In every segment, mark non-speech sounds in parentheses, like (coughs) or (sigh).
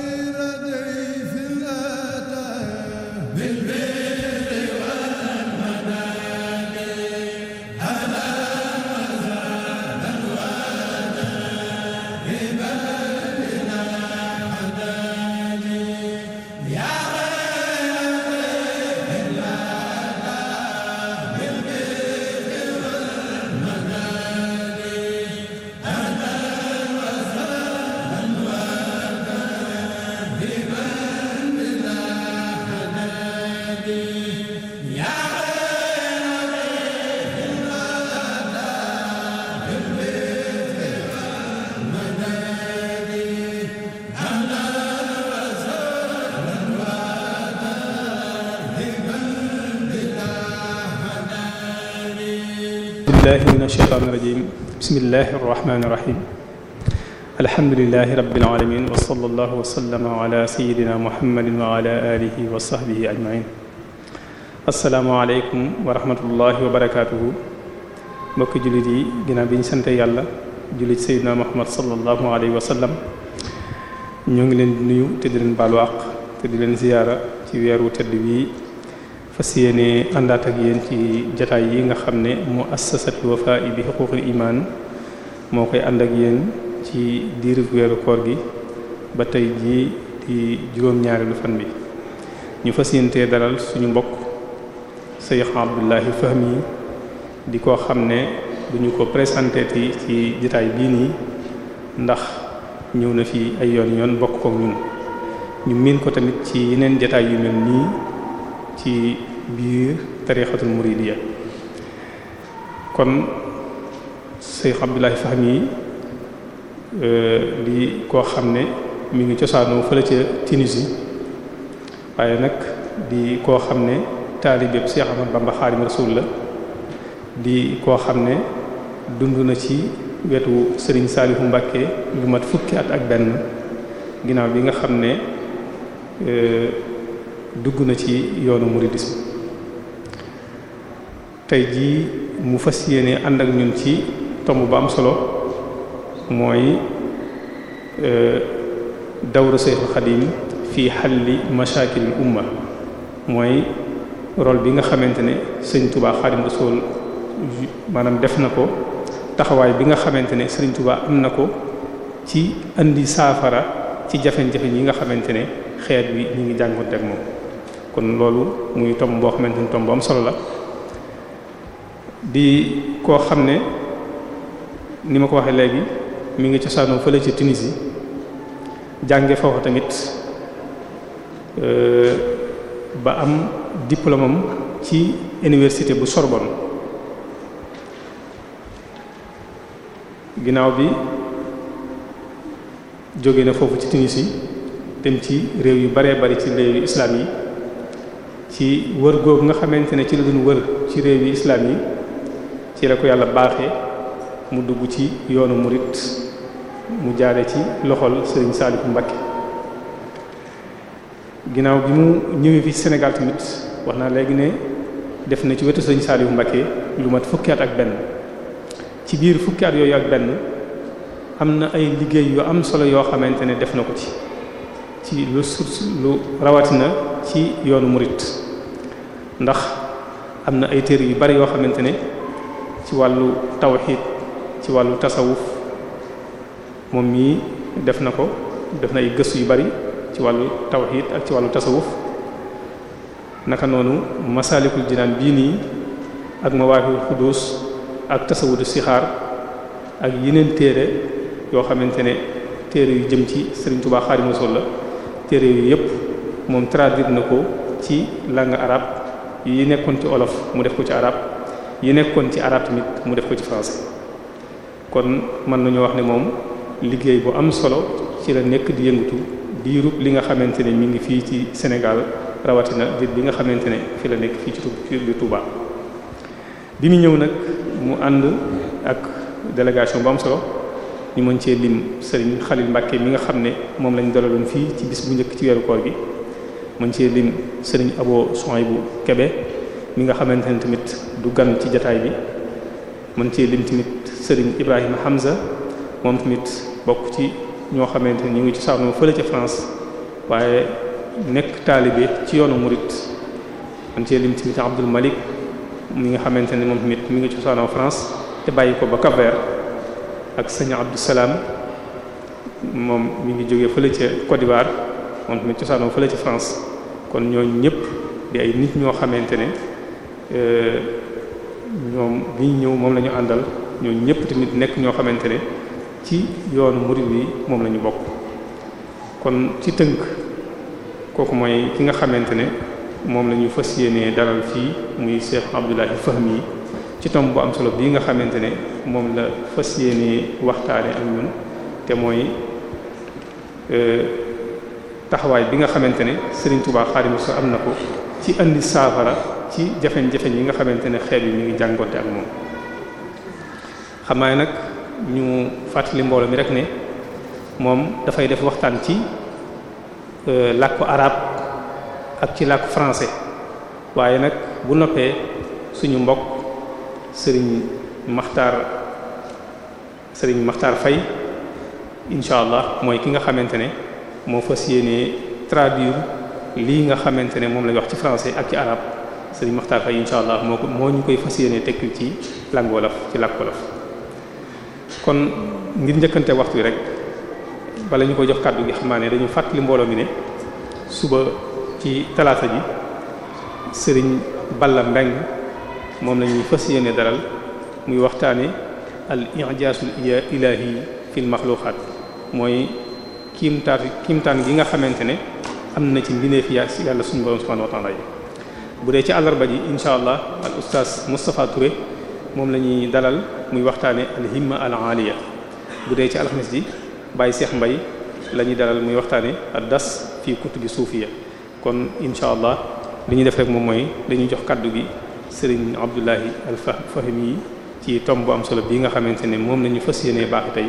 خير دين mina shaytaani rajiim bismillahi rahmaani rahiim alhamdulillahi rabbil aalamiin wa sallallahu wa sallama ala sayyidina muhammadin wa ala alihi wa sahbihi ajma'iin assalaamu aleykum wa rahmatullahi wa barakaatuhu mbokki jullit yi ginnaaw bi ñu sant yàlla jullit sayyidina muhammad sallallahu alayhi wa sallam ñoo ngi leen di nuyu te di leen baalu àq te di leen ziyaara ci weeru tedd wi fas yéene àndaat ak yéen ci jataay yi nga xam ne mu assasatul Wafa'i bi huquqil iman moo koy ànd ak yéen ci diiru weeru koor gi ba tey jii di juróom-ñaareelu fan bi ñu fas yéentee dalal suñu mbokk Cheikh Abdullahi Fahmi di ko xam ne duñu ko présenté ti ci jataay bii nii ndax ñëw na fi ay yoon yoon bokk ko ñun ñu miin ko tamit ci yeneen jataay yu mel nii ci biir tarixatul muridiya kon Cheikh Abdoulaye Fahmi euh, di koo xam ne mu ngi cosaanu fële ca Tunisie waaye nag di koo xam ne taalibeeb Cheikh Ahmad Bamba Xaadimu Rasuul la di koo xam ne dund na ci wetu Sëriñ Saalihu Mbàkke lu mat fukki at ak benn ginnaaw bi nga xam ne euh, dugg na ci yoonu mouridisme tey jii mu fas yéene ànd ak ñun ci tomb ba am solo mooy euh, dawru Seexul Xadiim fii xalli mashaakilil umma mooy rôle bi nga xamante ne sëñ Touba Xaadimu Rasuul maanaam def na ko taxawaay bi nga xamante ne sëriñ tubaa am na ko ci indi saafara ci jafe-jafe yi nga xamante ne xeet bi ñu ngi jàngoonte ak moom kon loolu muy tomb boo xamante ne tomb bu am solo la. di koo xam ne ni ma ko waxee léegi mi ngi cosaanoo fële ci Tunisie jànge foofa tamit euh, ba am diplôme am ci iniwersité bu Sorbonne ginnaaw bi jóge na foofu ci Tunisie dem ci réew yu baree bari ci réew yu islam yi ci wër googu nga xamante ne ci la doon wër ci réew yu islaam yi ci la ko yàlla baaxe mu dugg ci yoonu murit mu jaare ci loxol sëriñ Saaliku Mbakke ginnaaw bi mu ñëwee fi Sénégal tamit wax naa léegi ne def na ci wetu sëriñ Saaliku Mbakke lu mat fukki at ak benn ci biir fukki at yooyu ak benn am na ay liggéey yu am solo yoo xamante ne def na ko ci ci lu surs lu rawatina ci yoonu murit ndax am na ay téere yu bari yoo xamante ne ci wàllu tawxid ci wàllu tasawuf moom mii def na ko def na ay gëstu yu bari ci wàllu tawxid ak ci wàllu tasawuf naka noonu masalikul jinaan bii nii ak mawaahibul xudus ak tasawudu sixaar ak yeneen téere yoo xamante ne téere yu jëm ci Serigne Touba Xaadimu Rasuul la téere yu yépp moom traduire na ko ci langue arabe yi nekkoon ci olof mu def ko ci arabe yi nekkoon ci arab mu def ko ci français kon mën nañu wax ne moom liggéey bu am solo ci la nekk di yëngatu biiru li nga xamante ne mu ngi fii ci Sénégal rawatina biir bi nga xamante ne fii la nekk fii ci ci Touba bi mu ñëw nag mu ànd ak délégation bu am solo ñu mën cee lim Serigne Khalil Mbacke mi nga xam ne moom lañ dalaloon fii ci bis bu njëkk ci weeru koor bi mën cee lim Serigne Abo bu kebe mi nga xamante ne tamit du gan ci jataay bi mën ci lim tamit Serigne Ibrahima Hamza moom tamit bokk ci ñoo xamante ni ñu ngi ci saanoo fële ci France waaye nekk taalibe ci yoonu murit mën ci lim tamit Abdul Malik mi nga xamante ni moom tamit mi ngi ci saanoo France te bàyyi ko ba cap ak sëñ Abdou Salam moom mu ngi jóge fële ci Côte d'Ivoire moom tamit cosaanoo fële ci France kon ñooñu ñëpp di ay nit ñoo xamante ne euh, ñoom bi ñu ñëw moom lañu àndal ñoo ñëpp tamit nekk ñoo xamante ne ci yoonu murid wi moom lañu ñu bokk kon ci tënk kooku mooy ki nga xamante ne moom la ñu fas yéenee dalal fii muy Cheikh Abdoulahi Fahmi ci tomb bu am solo bii nga xamante ne moom la fas yéenee waxtaane ak ñun te mooy euh, taxawaay bi nga xamante ne Serigne Touba Xaadimu Rasuul am na ko ci andi saafara ci jafeñ jafe yi nga xamante ne xeet yi ñu ngi jàngonte ak moom xam naa nag ñu fàttali mbooloo mi rek ne moom dafay def waxtaan ci euh, làkku arab ak ci làkku français waaye nag bu noppee suñu mbokk sëriñ maxtaar sëriñ maxtaar fay incha allah mooy ki nga xamante ne moo fas yéenee traduire lii nga xamante ne moom lañ wax ci français ak ci arab sëriñ Moxtaar Fay incha allah moo ko moo ñu koy fas yéene tekk ci langue ci làkk wolof kon ngir njëkkante waxtu wi rek bala ñu ko jox kàddu gi xam naa dañu fàttali mbooloo mi ne suba ci talaata ji sëriñ Balla Mbeng moom la ñuy fas yéene daral muy waxtaane al i'jaasul ilaahi fil maxluuqaat mooy kiimtaat kiimtaan gi nga xamante ne am na ci mbindeef yaa yàlla suñu borom subhaanahu wa ta'aala bu dee ci àllarba ji incha allah al ustaas Moustapha Touré moom la ñuy dalal muy waxtaane alhimma al aliya bu dee ci alxames ji Baye Cheikh Mbaye la ñuy dalal muy waxtaane ad das fii kutubi suufiya kon incha allah li ñuy def rek moom mooy dañuy jox kàddu gi sëriñ Abdullahi al Fahim yi ci tomb bu am solo bii nga xamante ne moom la ñu fas yéenee baax tey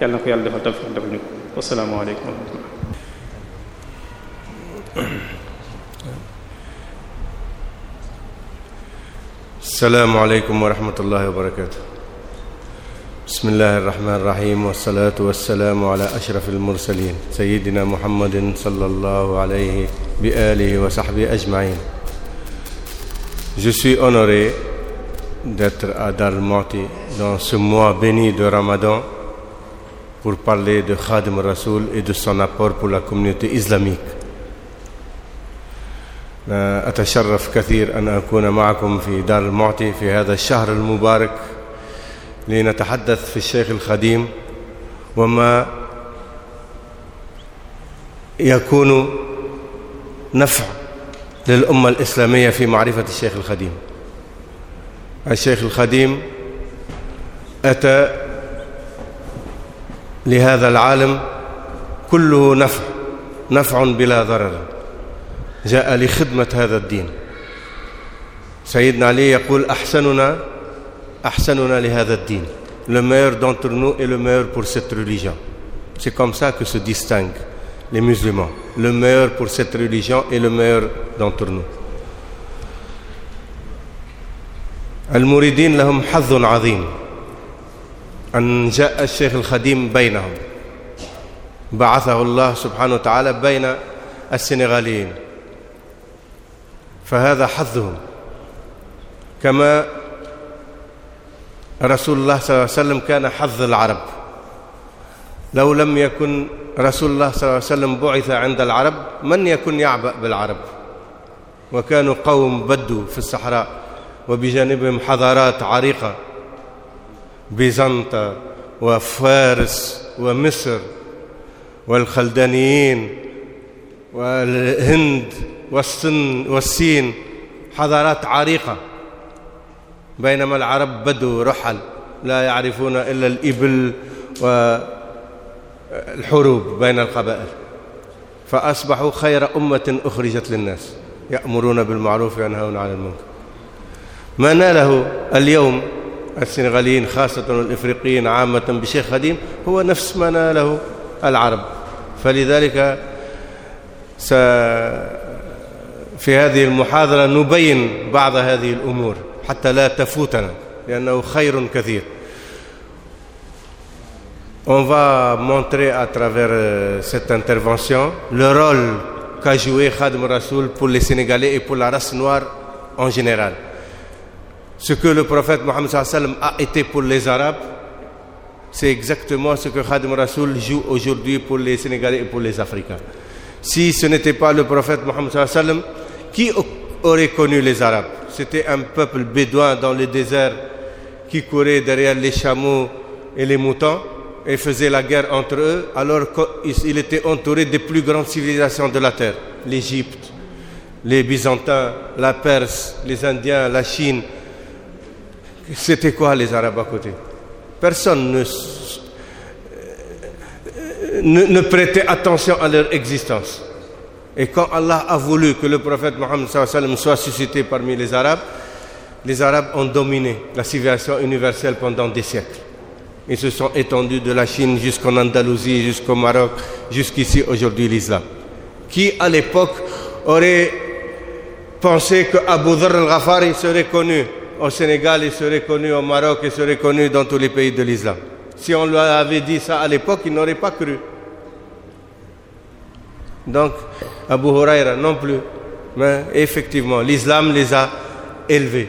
yàlla na ko yàlla defal tawfiq defal ñu ko wasalaamaaleykum wa rahmatullah asalaamualeykum wa rahmatullahi wa barakaatu bismillahi irrahmani irrahim wasalatu wasalaamu ala ashraf almursalin sayidina muhammadin sallallahu alayhi bi alihi wa sahbihi ajmain je suis honoré d'être à Darou Moukhty dans ce mois béni de Ramadan pour parler de Khadim Rasoul et de son apport pour la communauté islamique أتشرف كثير أن أكون معكم في دار المعطي في هذا الشهر المبارك لنتحدث في الشيخ الخديم وما يكون نفع للأمة الإسلامية في معرفة الشيخ الخديم الشيخ الخديم أتى لهذا العالم كله نفع نفع بلا ضرر جاء لخدمة هذا الدين سيدنا علي يقول أحسننا أحسننا لهذا الدين le meilleur d'entre nous est le meilleur pour cette religion c'est comme ça que se distinguent les musulmans le meilleur pour cette religion est le meilleur d'entre nous المريدين لهم حظ عظيم أن جاء الشيخ الخديم بينهم بعثه الله سبحانه وتعالى بين السنغاليين فهذا حظهم كما رسول الله صلى الله عليه وسلم كان حظ العرب لو لم يكن رسول الله صلى الله عليه وسلم بعث عند العرب من يكن يعبأ بالعرب وكانوا قوم بدوا في الصحراء وبجانبهم حضارات عريقة بيزنطة وفارس ومصر والخلدانيين والهند والسن والسين حضارات عريقة بينما العرب بدوا رحل لا يعرفون إلا الإبل والحروب بين القبائل فأصبحوا خير أمة أخرجت للناس يأمرون بالمعروف وينهون عن المنكر ما ناله اليوم السنغاليين خاصة والإفريقيين عامة بشيء قديم هو نفس ما ناله العرب فلذلك سأ في هذه المحاضرة نبين بعض هذه الأمور حتى لا تفوتنا لأنه خير كثير On va montrer à travers euh, cette intervention le rôle qu'a joué Khadim Rasoul pour les Sénégalais et pour la race noire en général. Ce que le prophète Mohammed sallam a été pour les Arabes, c'est exactement ce que Khadim Rasoul joue aujourd'hui pour les Sénégalais et pour les Africains. Si ce n'était pas le prophète Mohammed sallam Qui aurait connu les Arabes? C'était un peuple bédouin dans le désert qui courait derrière les chameaux et les moutons et faisait la guerre entre eux alors qu'il était entouré des plus grandes civilisations de la terre, l'Égypte, les Byzantins, la Perse, les Indiens, la Chine. C'était quoi les Arabes à côté? Personne ne euh, ne, ne prêtait attention à leur existence. Et quand Allah a voulu que le prophète Mohammed soit suscité parmi les Arabes, les Arabes ont dominé la civilisation universelle pendant des siècles. Ils se sont étendus de la Chine jusqu'en Andalousie, jusqu'au Maroc, jusqu'ici aujourd'hui l'islam. Qui à l'époque aurait pensé que Abu Dharr al-Ghafari serait connu au Sénégal, il serait connu au Maroc, il serait connu dans tous les pays de l'islam Si on lui avait dit ça à l'époque, il n'aurait pas cru. donc Abu Hurayra non plus mais effectivement l'islam les a élevés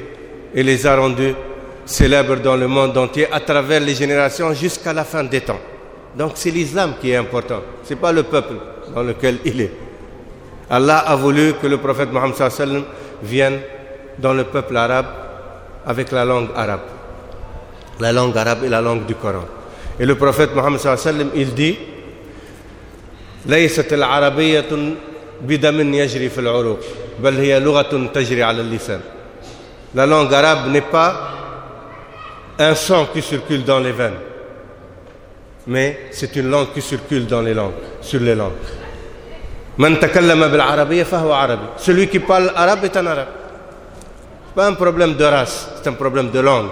et les a rendus célèbres dans le monde entier à travers les générations jusqu'à la fin des temps donc c'est l'islam qui est important c'est pas le peuple dans lequel il est Allah a voulu que le prophète Mohammed sallallahu alayhi wa sallam vienne dans le peuple arabe avec la langue arabe la langue arabe et la langue du Coran et le prophète Mohammed sallallahu alayhi wa sallam il dit ليست العربية بدم يجري في العروق بل هي لغة تجري على اللسان La langue arabe n'est pas un sang qui circule dans les veines, mais c'est une langue qui circule dans les langues, sur les langues. Man takallama bil arabiyya Celui qui parle arabe est un arabe. pas un problème de race, c'est un problème de langue.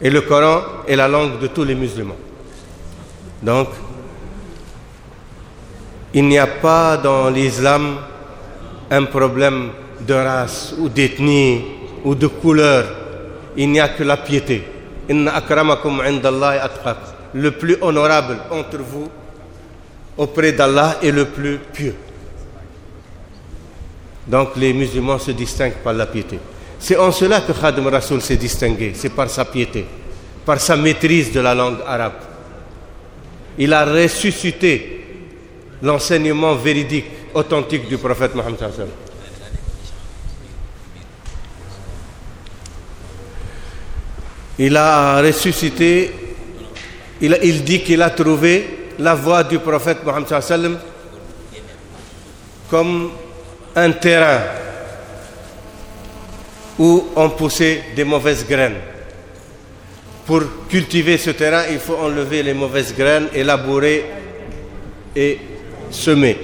Et le Coran est la langue de tous les musulmans. Il n'y a pas dans l'islam un problème de race ou d'ethnie ou de couleur. Il n'y a que la piété. Inna akramakum 'inda Allahi atqakum. Le plus honorable entre vous auprès d'Allah est le plus pieux. Donc les musulmans se distinguent par la piété. C'est en cela que Khadim Rasoul s'est distingué, c'est par sa piété, par sa maîtrise de la langue arabe. Il a ressuscité l'enseignement véridique authentique du prophète Mohammed sallallahu alayhi wa sallam Il a ressuscité il, dit qu'il a trouvé la voie du prophète Mohammed sallallahu alayhi wa sallam comme un terrain où on poussait des mauvaises graines. Pour cultiver ce terrain, il faut enlever les mauvaises graines, et labourer semer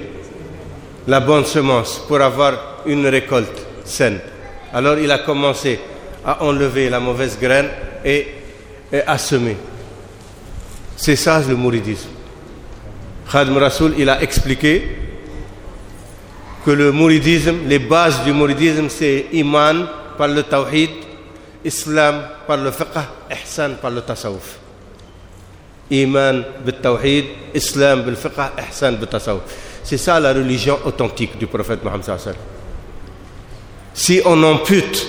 la bonne semence pour avoir une récolte saine. Alors il a commencé à enlever la mauvaise graine et, et à semer. C'est ça le mouridisme. Khadim Rasoul, il a expliqué que le mouridisme, les bases du mouridisme, c'est iman par le tawhid, islam par le fiqh, ihsan par le tasawuf. iman بالtawhid islam bil fiqh ihsan bi tasawuf c'est ça la religion authentique du prophète Mohammed sallallahu alayhi wa sallam si on ampute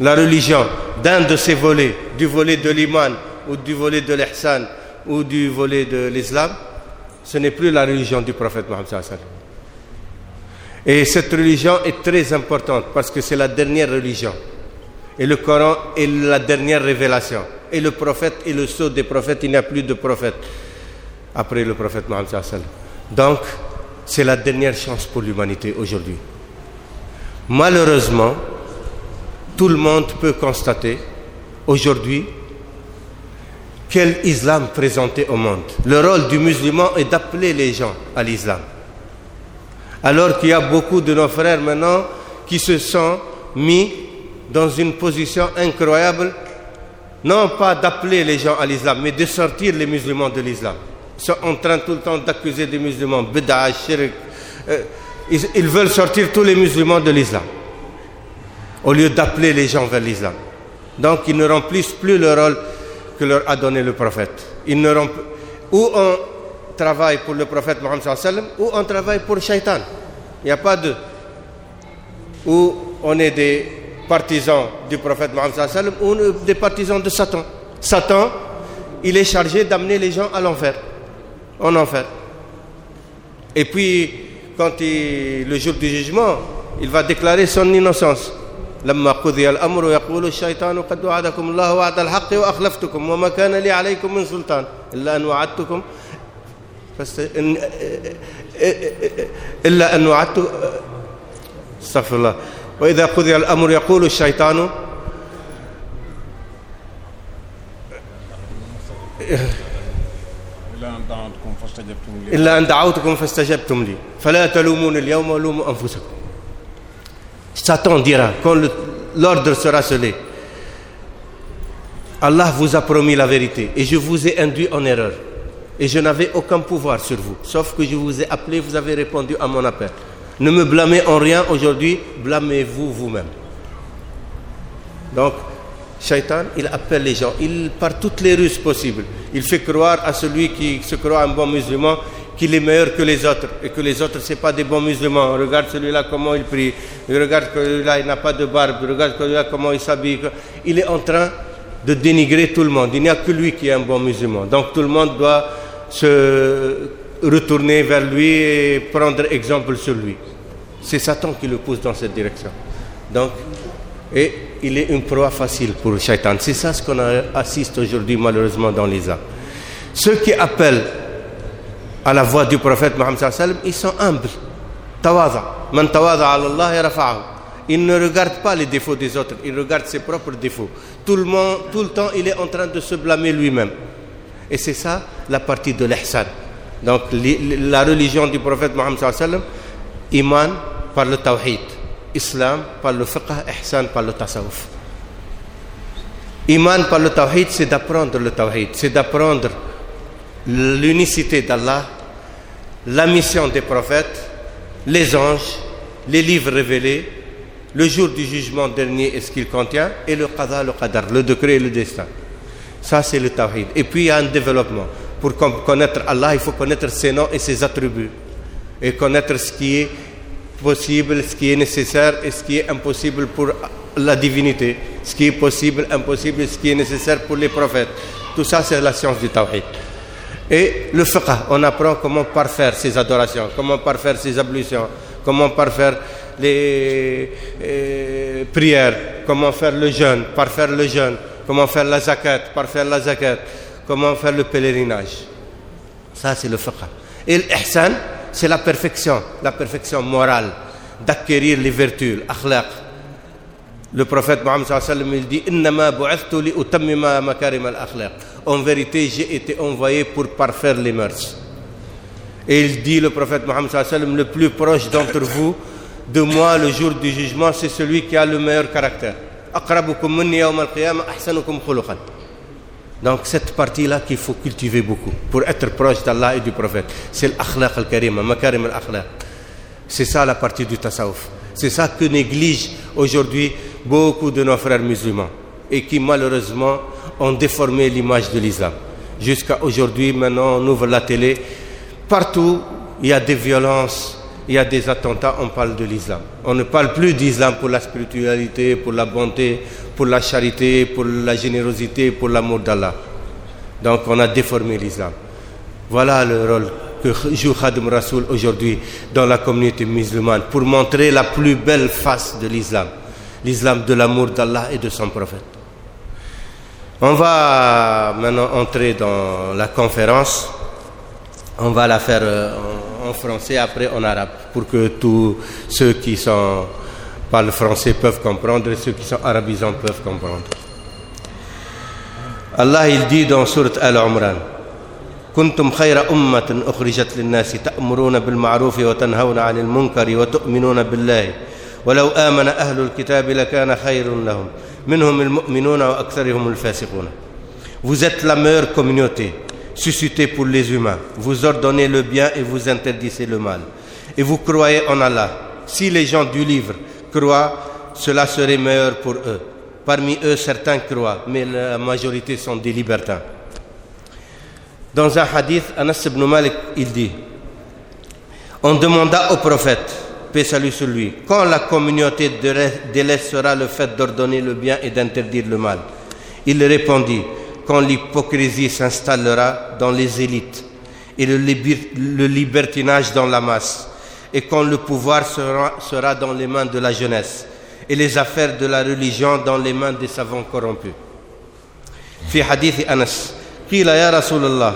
la religion d'un de ses volets du volet de l'iman ou du volet de l'ihsan ou du volet de l'islam ce n'est plus la religion du prophète Mohammed sallallahu alayhi wa sallam et cette religion est très importante parce que c'est la dernière religion Et le Coran est la dernière révélation. Et le prophète est le sceau des prophètes. Il n'y a plus de prophète après le prophète Mohammed. Donc, c'est la dernière chance pour l'humanité aujourd'hui. Malheureusement, tout le monde peut constater aujourd'hui quel islam présenté au monde. Le rôle du musulman est d'appeler les gens à l'islam. Alors qu'il y a beaucoup de nos frères maintenant qui se sont mis dans une position incroyable, non pas d'appeler les gens à l'islam, mais de sortir les musulmans de l'islam. Ils sont en train tout le temps d'accuser des musulmans, bid'a, shirk. Euh, ils, ils veulent sortir tous les musulmans de l'islam, au lieu d'appeler les gens vers l'islam. Donc ils ne le rôle que le prophète. Ils ne rempl... Ou on travaille pour le prophète Mohammed sallam, ou on travaille pour Shaitan. Il n'y a pas de... Ou on est des partisans du prophète Mohammed sallam ou des partisans de Satan. Satan, il est chargé d'amener les gens à l'enfer, en enfer. Et puis, quand il, le jour du jugement, il va déclarer son innocence. لما قضي الأمر يقول الشيطان قد وعدكم الله وعد الحق وأخلفتكم وما كان لي عليكم من سلطان إلا أن وعدتكم إلا أن وعدت استغفر الله wa ida qudiya al amru yaqulu shaytaanu illaa an da'awtukum fastajabtum li fala talumuni al yawma lumu anfusakum Satan dira quand l'ordre sera scellé Allah vous a promis la vérité et je vous ai induit en erreur et je n'avais aucun pouvoir sur vous sauf que je vous ai appelé vous avez répondu à mon appel Ne me blâmez en rien aujourd'hui, blâmez-vous vous-même. Donc, Shaitan, il appelle les gens, il par toutes les ruses possibles. Il fait croire à celui qui se croit un bon musulman qu'il est meilleur que les autres et que les autres c'est pas des bons musulmans. Regarde celui-là comment il prie, regarde celui-là il n'a pas de barbe, regarde celui-là comment il s'habille. Il est en train de dénigrer tout le monde. Il n'y a que lui qui est un bon musulman. Donc tout le monde doit se retourner vers lui et prendre exemple sur lui. C'est Satan qui le pousse dans cette direction. Donc, et il est une proie facile pour le shaitan. C'est ça ce qu'on assiste aujourd'hui malheureusement dans les âmes. Ceux qui appellent à la voix du prophète Mohammed sallam, ils sont humbles. Tawaza. Man tawaza Allah Il ne regarde pas les défauts des autres, il regarde ses propres défauts. Tout le, temps, il est en train de se blâmer lui-même. Et c'est ça la partie de l'ihsan. donc li la religion du prophète Mohammed sallallahu alayhi wa sallam iman par le tawhid islam par le fiqh ihsan par le tasawuf iman par le tawhid c'est d'apprendre le tawhid c'est d'apprendre l'unicité d'Allah la mission des prophètes les anges les livres révélés le jour du jugement dernier et ce qu'il contient et le qada le qadar le décret et le destin ça c'est le tawhid et puis il y a un développement Pour connaître Allah, il faut connaître ses noms et ses attributs. Et connaître ce qui est possible, ce qui est nécessaire et ce qui est impossible pour la divinité. Ce qui est possible, impossible et ce qui est nécessaire pour les prophètes. Tout ça, c'est la science du tawhid. Et le fiqh, on apprend comment parfaire ses adorations, comment parfaire ses ablutions, comment parfaire les euh, prières, comment faire le jeûne, parfaire le jeûne, comment faire la zakat, comment faire le pèlerinage ça c'est le fiqh et l'ihsan la perfection la perfection morale d'acquérir les vertus akhlaq le prophète Mohammed sallallahu alayhi wa sallam il dit innama bu'ithtu li utammima makarim al akhlaq en vérité j'ai été envoyé pour parfaire les mœurs et il dit le prophète Mohammed sallallahu alayhi wa sallam le plus proche d'entre vous de moi le jour du c'est celui qui a le meilleur caractère aqrabukum minni yawm al qiyamah ahsanukum khuluqan donc cette partie-là qu'il faut cultiver beaucoup pour être proche d'Allah et du prophète c'est l'akhlaq al-karima makarim al-akhlaq c'est ça la partie du tasawuf c'est ça que négligent aujourd'hui beaucoup de nos frères musulmans et qui malheureusement ont déformé l'image de l'islam jusqu'à aujourd'hui maintenant on ouvre la télé partout il y a des violences il y a des attentats, on parle de l'islam. On ne parle plus d'islam pour la spiritualité, pour la bonté, pour la charité, pour la générosité, pour l'amour d'Allah. Donc on a déformé l'islam. Voilà le rôle que joue Khadim Rasoul aujourd'hui dans la communauté musulmane pour montrer la plus belle face de l'islam, l'islam de l'amour d'Allah et de son prophète. On va maintenant entrer dans la conférence. On va la faire euh, en français, après en arabe, pour que tous ceux qui sont, parlent français peuvent comprendre et ceux qui sont arabisants peuvent comprendre. Allah il dit dans sourate Al-Imran kuntum khayra ummatin ukhrijat lin-nasi ta'muruna bil ma'rufi wa tanhawna 'anil munkari wa tu'minuna billahi walau amana ahlul kitabi lakana khayrun lahum minhum al-mu'minuna wa aktharuhum al-fasiqun Vous êtes la meilleure communauté suscitée pour les humains. Vous ordonnez le bien et vous interdisez le mal. Et vous croyez en Allah. Si les gens du livre croient, cela serait meilleur pour eux. Parmi eux, certains croient, mais la majorité sont des libertins. Dans un hadith, Anas ibn Malik, il dit, on demanda au prophète, paix salut sur lui, quand la communauté délaissera le fait d'ordonner le bien et d'interdire le mal. Il répondit, quand l'hypocrisie s'installera dans les élites et le, le libertinage dans la masse, et quand le pouvoir sera, sera dans les mains de la jeunesse et les affaires de la religion dans les mains des savants corrompus. في حديث أنس قيل يا رسول الله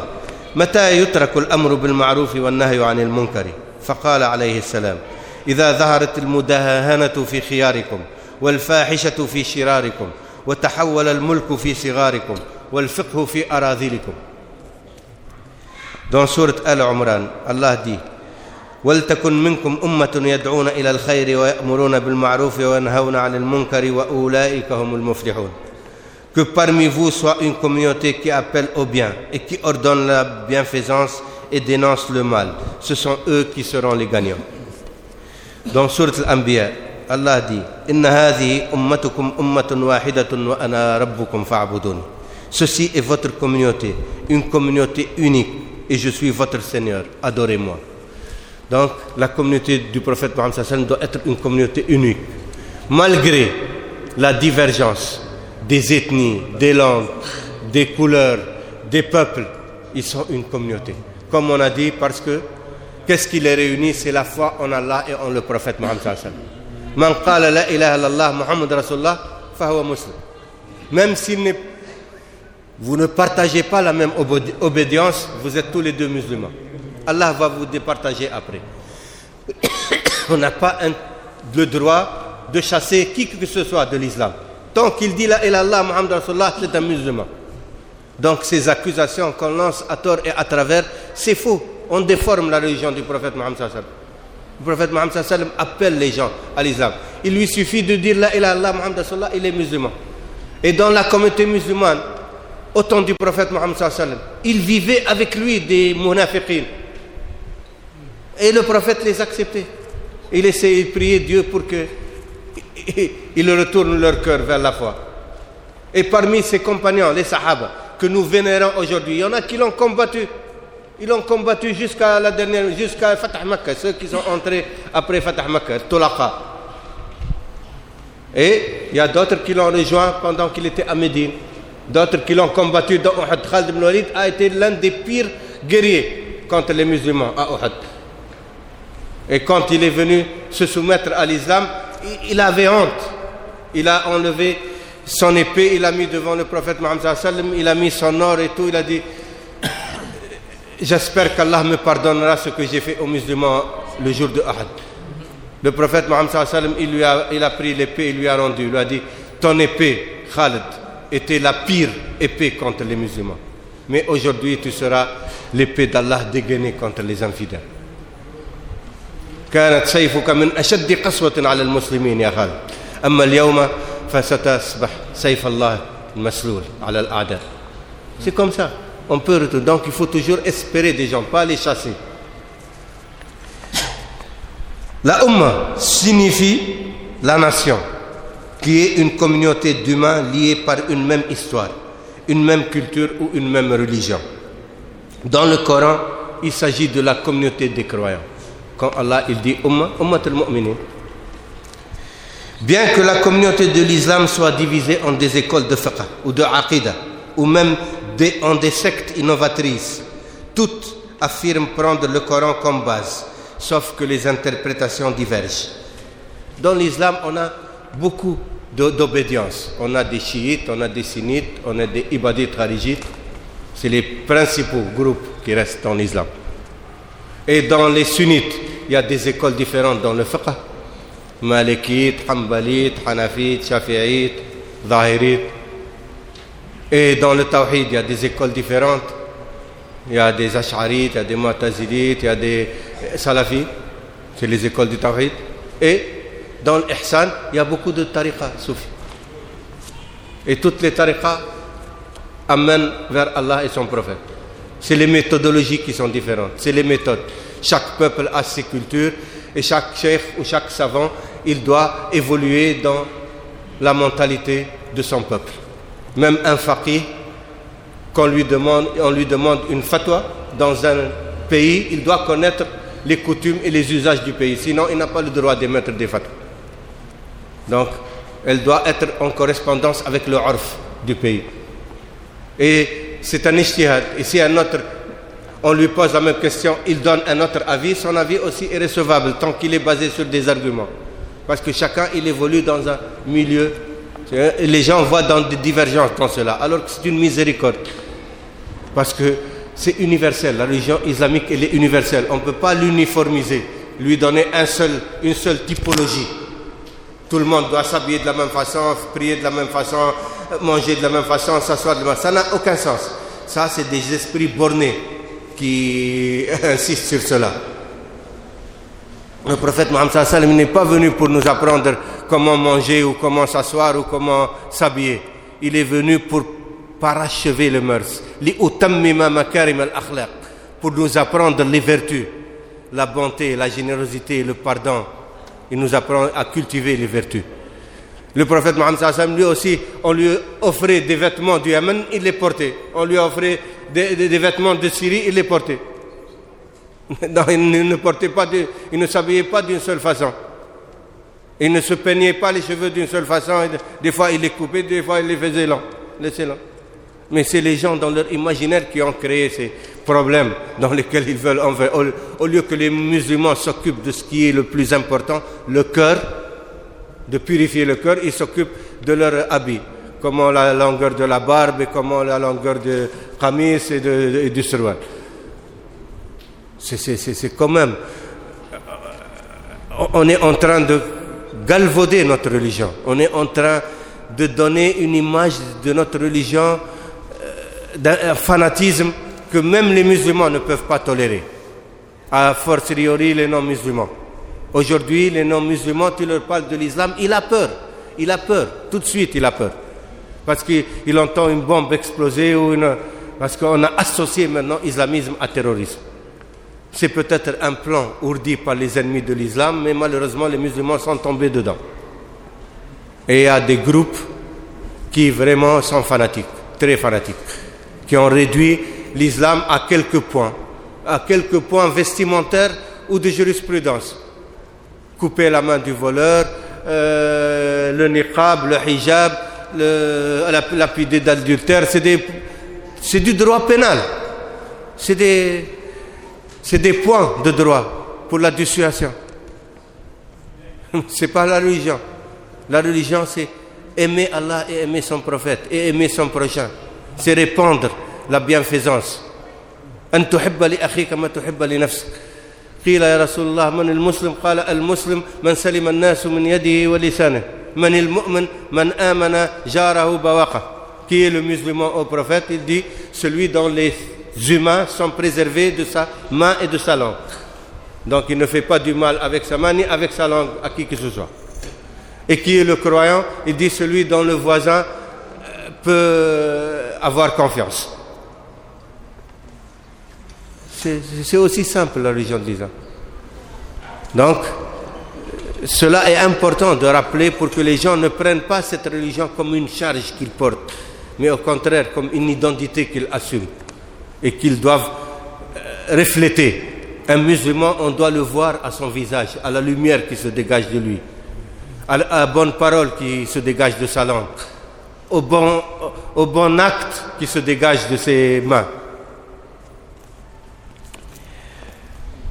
متى يترك الأمر بالمعروف والنهي عن المنكر فقال عليه السلام إذا ظهرت المداهنة في خياركم والفاحشة في شراركم وتحول الملك في صغاركم والفقه في أراذلكم Dans sourate Al-Imran, Allah dit ولتكن منكم أمة يدعون إلى الخير ويأمرون بالمعروف وينهون عن المنكر وأولئك هم المفلحون Que parmi vous soit une communauté qui appelle au bien et qui ordonne la bienfaisance et dénonce le mal. Ce sont eux qui seront les gagnants. Dans sourate Al-Anbiya, Allah dit: Inna hadhihi ummatukum ummatun wahidatun wa ana rabbukum fa'budun. Ceci est votre communauté, une communauté unique, et je suis votre Seigneur, adorez-moi. Donc la communauté du prophète Mohammed sallam doit être une communauté unique, malgré la divergence des ethnies, des langues, des couleurs, des peuples, ils sont une communauté. Comme on a dit, parce que qu'est-ce qui les réunit? C'est la foi en Allah et en le prophète Mohammed sallallahu alayhi wa sallam. Man qala la ilaha illallah Muhammad rasulullah fa huwa muslim. Même s'il n'est vous ne partagez pas la même obédience, vous êtes tous les deux musulmans. Allah va vous départager après. (coughs) On n'a pas un, droit de chasser qui que ce soit de l'islam. Tant qu'il dit la ilallah, Muhammad Rasulullah, c'est un musulman. Donc ces accusations qu'on lance à tort et à travers, c'est faux. On déforme la religion du prophète Mohammed sallam. Le prophète Mohammed sallam appelle les gens à l'islam. Il lui suffit de dire la ilallah, Muhammad Rasulullah, il est musulman. au temps du prophète Mohammed sallallahu alayhi wa sallam il vivait avec lui des munafiqines et le prophète les acceptait il essayait prier Dieu pour que (laughs) il retourne leur cœur vers la foi et parmi ses compagnons les sahaba que nous vénérons aujourd'hui il y en a qui l'ont combattu jusqu'à la dernière jusqu'à Fatah Makkah ceux qui sont entrés après Fatah Makkah et il y a d'autres qui l'ont rejoint pendant qu'il était à Médine D'autres qui l'ont combattu dans Uhud. Khalid ibn Walid a été l'un des pires guerriers contre les musulmans à Uhud. Et quand il est venu se soumettre à l'islam, il avait honte. Il a enlevé son épée, il a mis devant le prophète Mohammed il a mis son or et tout, il a dit (coughs) J'espère qu'Allah me pardonnera ce que j'ai fait aux musulmans le jour de Ahad. Le prophète Mohammed il, lui a, il a pris l'épée, il lui a rendu, il a dit Ton épée, Khalid, était la pire épée contre les musulmans. Mais aujourd'hui, tu seras l'épée d'Allah dégainée contre les infidèles. كانت سيفك من أشد قسوة على المسلمين يا خالد أما اليوم فستصبح سيف الله المسلول على الأعداء c'est comme ça on peut retourner donc il faut toujours espérer des gens pas les chasser la nation qui est une communauté d'humains liés par une même histoire, une même culture ou une même religion. Dans le Coran, il s'agit de la communauté des croyants. Quand Allah il dit Umma, Ummatul Mu'minin. Bien que la communauté de l'islam soit divisée en des écoles de fiqh ou de aqidah ou même des, en des sectes innovatrices, toutes affirment prendre le Coran comme base, sauf que les interprétations divergent. Dans l'islam, on a beaucoup d'obédience. On a des chiites, on a des sunnites, on a des ibadites religites. C'est les principaux groupes qui restent dans l'islam. Et dans les sunnites, il a des écoles différentes dans le fiqh. Malikites, Hanbalites, Hanafites, Shafi'ites, Zahirites. Et dans le Tawhid, il a des écoles différentes. Il a des Ash'arites, il y a des Mu'tazilites, il a des Salafis. C'est les écoles du Tawhid. dans l'ihsan, il y a beaucoup de tariqas soufis. Et toutes les tariqas amènent vers Allah et son prophète. C'est les méthodologies qui sont différentes, c'est les méthodes. Chaque peuple a ses cultures et chaque chef ou chaque savant, il doit évoluer dans la mentalité de son peuple. Même un faqih, qu'on lui demande, on lui demande une fatwa dans un pays, il doit connaître les coutumes et les usages du pays, sinon il n'a pas le droit d'émettre des fatwas. donc elle doit être en correspondance avec le orf du pays et c'est un ijtihad et si on lui pose la même question il donne un autre avis son avis aussi est recevable tant qu'il est basé sur des arguments parce que chacun il évolue dans un milieu et les gens voient dans des divergences alors que c'est une miséricorde parce que c'est universel la religion islamique elle est universelle on ne peut pas l'uniformiser lui donner un seul une seule typologie Tout le monde doit s'habiller de la même façon, prier de la même façon, manger de la même façon, s'asseoir de la même façon. Ça n'a aucun sens. Ça, c'est des esprits bornés qui (laughs) insistent sur cela. Le prophète Mohammed sallam n'est pas venu pour nous apprendre comment manger ou comment s'asseoir ou comment s'habiller. Il est venu pour parachever les mœurs, pour nous apprendre les vertus, la bonté, la générosité, le pardon, il nous apprend à cultiver les vertus. Le prophète Mohammed sallam lui aussi, on lui offrait des vêtements du Yémen, il les portait. On lui offrait des, vêtements de Syrie, il les portait. (laughs) Non, il ne portait pas, de, il ne s'habillait pas d'une seule façon. Il ne se peignait pas les cheveux d'une seule façon. Des fois, il les coupait, des fois, il les faisait longs, laissez longs. Mais c'est les gens dans leur imaginaire qui ont créé problèmes dans lesquels ils veulent envers. Au, lieu que les musulmans s'occupent de ce qui est le plus important, le cœur, de purifier le cœur, ils s'occupent de leur habit. Comment la longueur de la barbe comment la longueur de Khamis et, du surwal. C'est quand même. On est en train de galvauder notre religion. On est en train de donner une image de notre religion euh, d'un fanatisme que même les musulmans ne peuvent pas tolérer, à fortiori les non-musulmans. Aujourd'hui, les non-musulmans, tu leur parles de l'islam, il a peur, il a peur, tout de suite il a peur. Parce qu'il entend une bombe exploser ou une... Parce qu'on a associé maintenant islamisme à terrorisme. C'est peut-être un plan ourdi par les ennemis de l'islam, mais malheureusement les musulmans sont tombés dedans. Et il y a des groupes qui vraiment sont fanatiques, très fanatiques, qui ont réduit l'islam à quelques points, à quelques points vestimentaires ou de jurisprudence. Couper la main du voleur, euh, le niqab, le hijab, le, la, la pudée d'adultère, c'est des, c'est du droit pénal. C'est des, c'est des points de droit pour la dissuasion. (laughs) c'est pas la religion. La religion, c'est aimer Allah et aimer son prophète et aimer son prochain. C'est répandre la bienfaisance an tuhibba li axiika ma tuhibba li nafsik qiila ya rasulallah man almuslim qaala almuslim man salima annaasu min yadihi wa lisaanihi man almu'min man aamana jaarahu bawaqa qui est le musulman au prophète il dit celui dont les humains sont préservés de sa main et de sa langue donc il ne fait pas du mal avec sa main ni avec sa langue à qui que ce soit et qui est le croyant il dit celui dont le voisin euh, peut avoir confiance C'est aussi simple la religion de l'islam. Donc, cela est important de rappeler pour que les gens ne prennent pas cette religion comme une charge qu'ils portent, mais au contraire comme une identité qu'ils assument et qu'ils doivent euh, refléter. Un musulman, on doit le voir à son visage, à la lumière qui se dégage de lui, à la bonne parole qui se dégage de sa langue, bon, au bon acte qui se dégage de ses mains.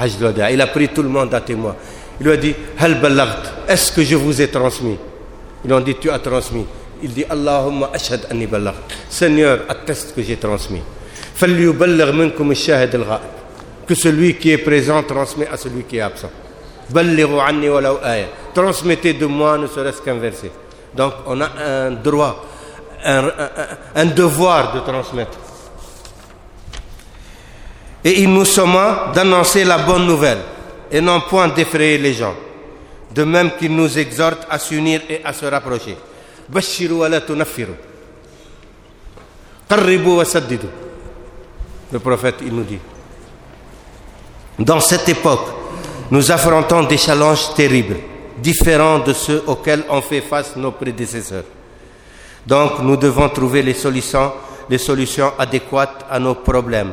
Hajj Loda il a pris tout le monde à témoin il lui a dit hal ballaght est-ce que je vous ai transmis ils ont dit tu as transmis il dit Allahumma ashhad anni ballaght Seigneur atteste que j'ai transmis falyuballigh minkum ash-shahid al-ghaib que celui qui est présent transmet à celui qui est absent ballighu anni walaw aya transmettez de moi ne serait-ce qu'un verset donc on a un droit un devoir de transmettre Et il nous sommant d'annoncer la bonne nouvelle et non point d'effrayer les gens. De même qu'il nous exhorte à s'unir et à se rapprocher. Bashiru wa la tunaffiru. Qarribu wa saddidu. Le prophète, il nous dit. Dans cette époque, nous affrontons des challenges terribles, différents de ceux auxquels ont fait face nos prédécesseurs. Donc, nous devons trouver les solutions, les solutions adéquates à nos problèmes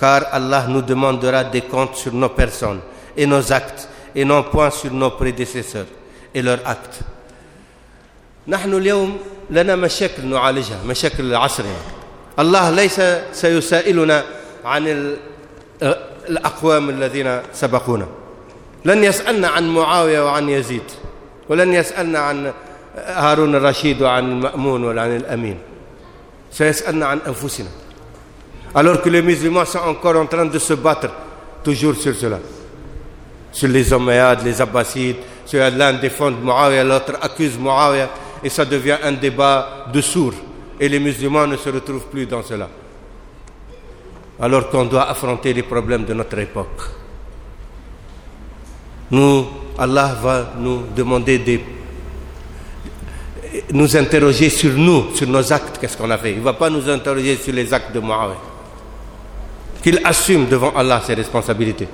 car Allah nous demandera des comptes sur nos personnes et nos actes et non point sur nos prédécesseurs et leurs actes نحن اليوم لنا مشاكل نعالجها مشاكل العصر الله ليس سيسائلنا عن الأقوام الذين سبقونا لن يسألنا عن معاوية وعن يزيد ولن يسألنا عن هارون الرشيد وعن المأمون ولا عن الأمين سيسألنا عن أنفسنا alors que les musulmans sont encore en train de se battre toujours sur cela sur les Omeyyades les Abbassides sur l'un défend Muawiya l'autre accuse Muawiya et ça devient un débat de sourds et les musulmans ne se retrouvent plus dans cela alors qu'on doit affronter les problèmes de notre époque nous Allah va nous demander des interroger sur nous sur nos actes qu'est-ce qu'on a fait il va pas nous interroger sur les actes de Muawiya qu'il assume devant Allah ses responsabilités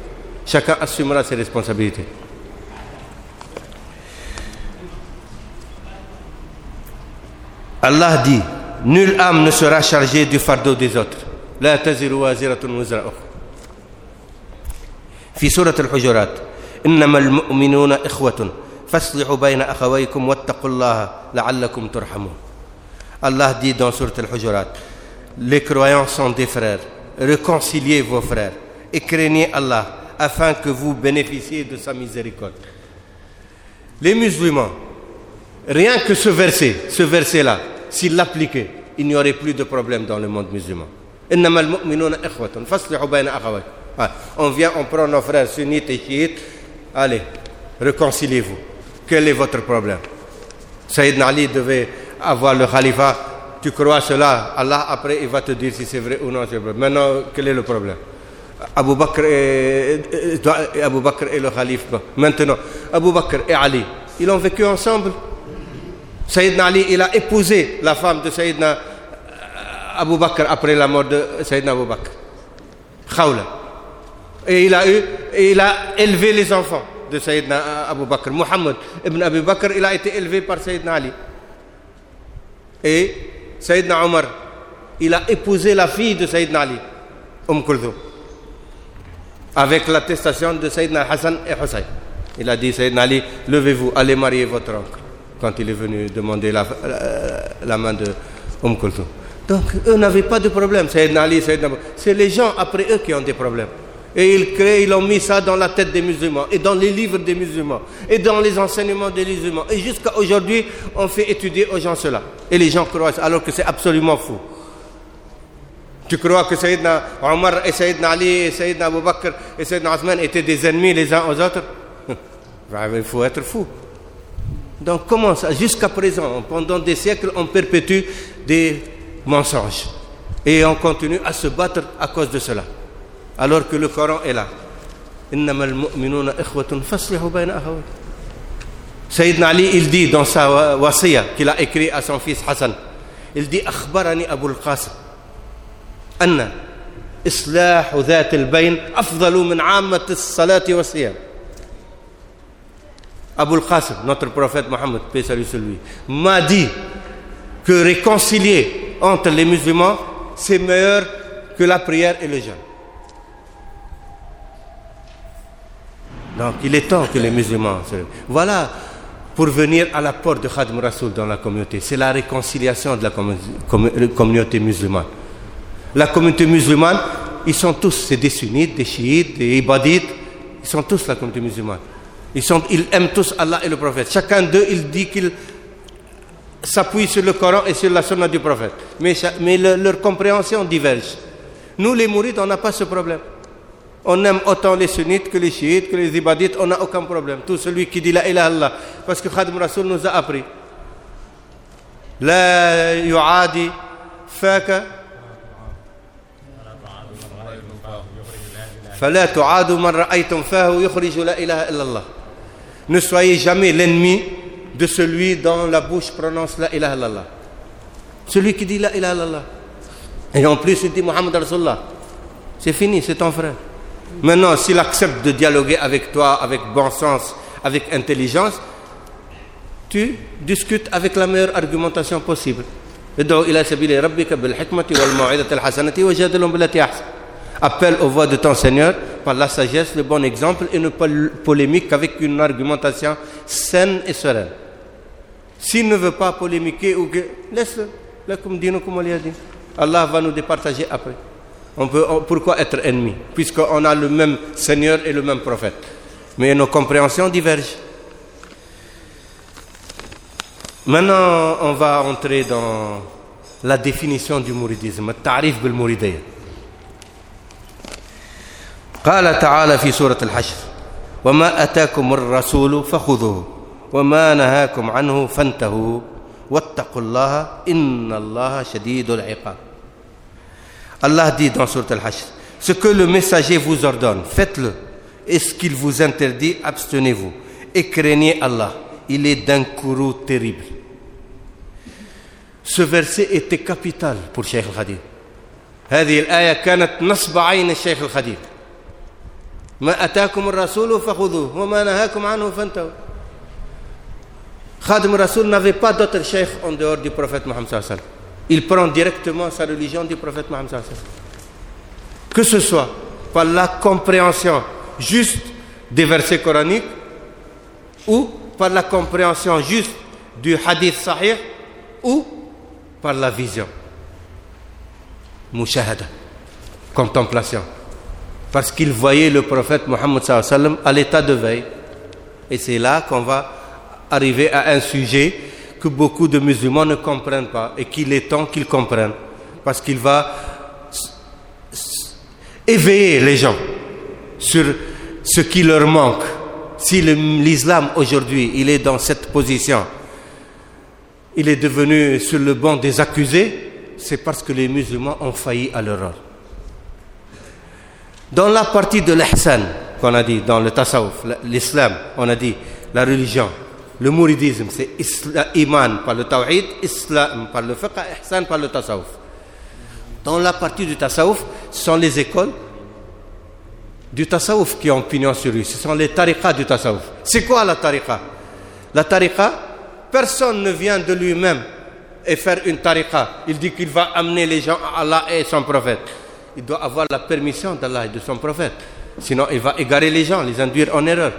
chacun assumera ses responsabilités Allah dit nulle âme ne sera chargée du fardeau des autres la taziru waziratun wizra ukhra fi surat al-Hujurat innamal mu'minuna faslihu bayna akhawaykum wattaqullaha la'allakum Allah dit dans surat al les croyants des frères réconciliez vos frères et craignez Allah afin que vous bénéficiez de sa miséricorde. Les musulmans, rien que ce verset, ce verset-là, s'il l'appliquait, il n'y aurait plus de problème dans le monde musulman. Innamal mu'minuna ikhwatun faslihu bayna akhawaykum. On vient, on prend nos frères réconciliez-vous. Quel est votre problème? Sayyidina Ali devait avoir le khalifa tu crois cela Allah après il va te dire si c'est vrai ou non c'est vrai maintenant quel est le problème Abu Bakr et, et, et Abu Bakr et le khalife maintenant Abu Bakr et Ali ils ont vécu ensemble Sayyidna Ali il a épousé la femme de Sayyidna euh, Abu Bakr après la mort de Sayyidna Abu Bakr Khawla et il a eu et il a élevé les enfants de Sayyidna euh, Abu Bakr Muhammad ibn Abu Bakr il a été élevé par Sayyidna Ali et Sayyidna Omar il a épousé la fille de Sayyidna Ali Umm Kulthum avec l'attestation de Sayyidna Hassan et Hussein il a dit Sayyidna Ali levez-vous allez marier votre oncle quand il est venu demander la euh, la main de Umm Kulthum donc eux n'avaient pas de problème Sayyidna Ali Sayyidna c'est les gens après eux qui ont des problèmes Et ils créent, ils ont mis ça dans la tête des musulmans, et dans les livres des musulmans, et dans les enseignements des musulmans. Et jusqu'à aujourd'hui, on fait étudier aux gens cela. Et les gens croient, alors que c'est absolument fou. Tu crois que Sayyidina Omar et Sayyidina Ali et Sayyidina Abu et Sayyidina Osman étaient des ennemis les uns aux autres (laughs) Il faut être fou. Donc comment ça Jusqu'à présent, pendant des siècles, on perpétue des mensonges. Et on continue à alors que le Coran est là innamal mu'minuna ikhwatun faslihu bayna akhawaykum Sayyidna Ali il dit dans sa wasiya qu'il a écrit à son fils Hassan il dit akhbarani Abul Qasim anna islahu dhati al-bayn afdalu min 'ammati as-salati was-siyam Abul Qasim notre prophète Mohammed paix salut sur lui m'a dit que réconcilier entre les musulmans c'est meilleur que la prière et le jeûne Donc il est temps que les musulmans Voilà pour venir à l'apport de Khadim Rasoul dans la communauté. C'est la réconciliation de la com... Com... communauté musulmane. La communauté musulmane, ils sont tous, c'est des sunnites, des chiites, des ibadites, ils sont tous la communauté musulmane. Ils, sont, ils aiment tous Allah et le prophète. Chacun d'eux, il dit qu'il s'appuie sur le Coran et sur la sunna du prophète. Mais, le, leur compréhension diverge. Nous, les mourides, on n'a pas ce problème. On aime autant les sunnites que les chiites, que les ibadites, on n'a aucun problème. Tout celui qui dit la ilaha illallah, parce que Khadim Rasoul nous a appris. laa yuaadi faaka fala tuaadu man raaytum faahu yuxriju la ilaha illa allah ne soyez jamais l'ennemi de celui dont la bouche prononce la ilaha illa allah celui qui dit la ilaha illa allah et en plus il dit Muhammad Rasulullah c'est fini c'est ton frère Maintenant, s'il accepte de dialoguer avec toi avec bon sens, avec intelligence, tu discutes avec la meilleure argumentation possible. Ud'u ila sabili rabbika bil hikmati wal maw'izati al hasanati wajadilhum billati aux voies de ton Seigneur par la sagesse, le bon exemple et ne pas polémique qu'avec une argumentation saine et sereine. S'il ne veut pas polémiquer ou que laisse-le, lakum dinukum waliya din. Allah va nous départager après. on peut on, pourquoi être ennemi puisqu'on a le même Seigneur et le même prophète mais nos compréhensions divergent maintenant on va entrer dans la définition du mouridisme at-ta'rif bil mouridiyya qala ta'ala fi sourate al-hashr wa ma ataakum ar-rasulu fakhuduhu wa ma nahakum anhu fantahu wattaqullaha inna allaha shadidul iqab Allah dit dans Sourate Al-Hashr, ce que le messager vous ordonne, faites-le, et ce qu'il vous interdit, abstenez-vous, et Allah, il est d'un courroux terrible. Ce verset était capital pour Cheikh Al-Khadir. هذه الآية كانت نصب عين الشيخ الخدير ما أتاكم الرسول فخذوه وما نهاكم عنه Khadim Rasoul pas d'autre cheikh en dehors du prophète Mohammed sallallahu alayhi wa il prend directement sa religion du prophète Mohammed que ce soit par la compréhension juste des versets coraniques ou par la compréhension juste du hadith sahih ou par la vision mushahada contemplation parce qu'il voyait le prophète Mohammed à l'état de veille et c'est là qu'on va arriver à un sujet que beaucoup de musulmans ne comprennent pas et qu'il est temps qu'ils comprennent parce qu'il va éveiller les gens sur ce qui leur manque. Si l'islam aujourd'hui, il est dans cette position, il est devenu sur le banc des accusés, c'est parce que les musulmans ont failli à leur rôle. Dans la partie de l'ihsan qu'on a dit, dans le tasawuf, l'islam, on a dit la religion, Le mouridisme, c'est isla, iman par le tawhid, islam par le fiqh, ihsan par le tasawuf. Dans la partie du tasawuf, ce sont les écoles du tasawuf qui ont pignon sur lui. Ce sont les tariqas du tasawuf. C'est quoi la tariqa La tariqa, personne ne vient de lui-même et faire une tariqa. Il dit qu'il va amener les gens à Allah et son prophète. Il doit avoir la permission d'Allah et de son prophète. Sinon, il va égarer les gens, les induire en erreur.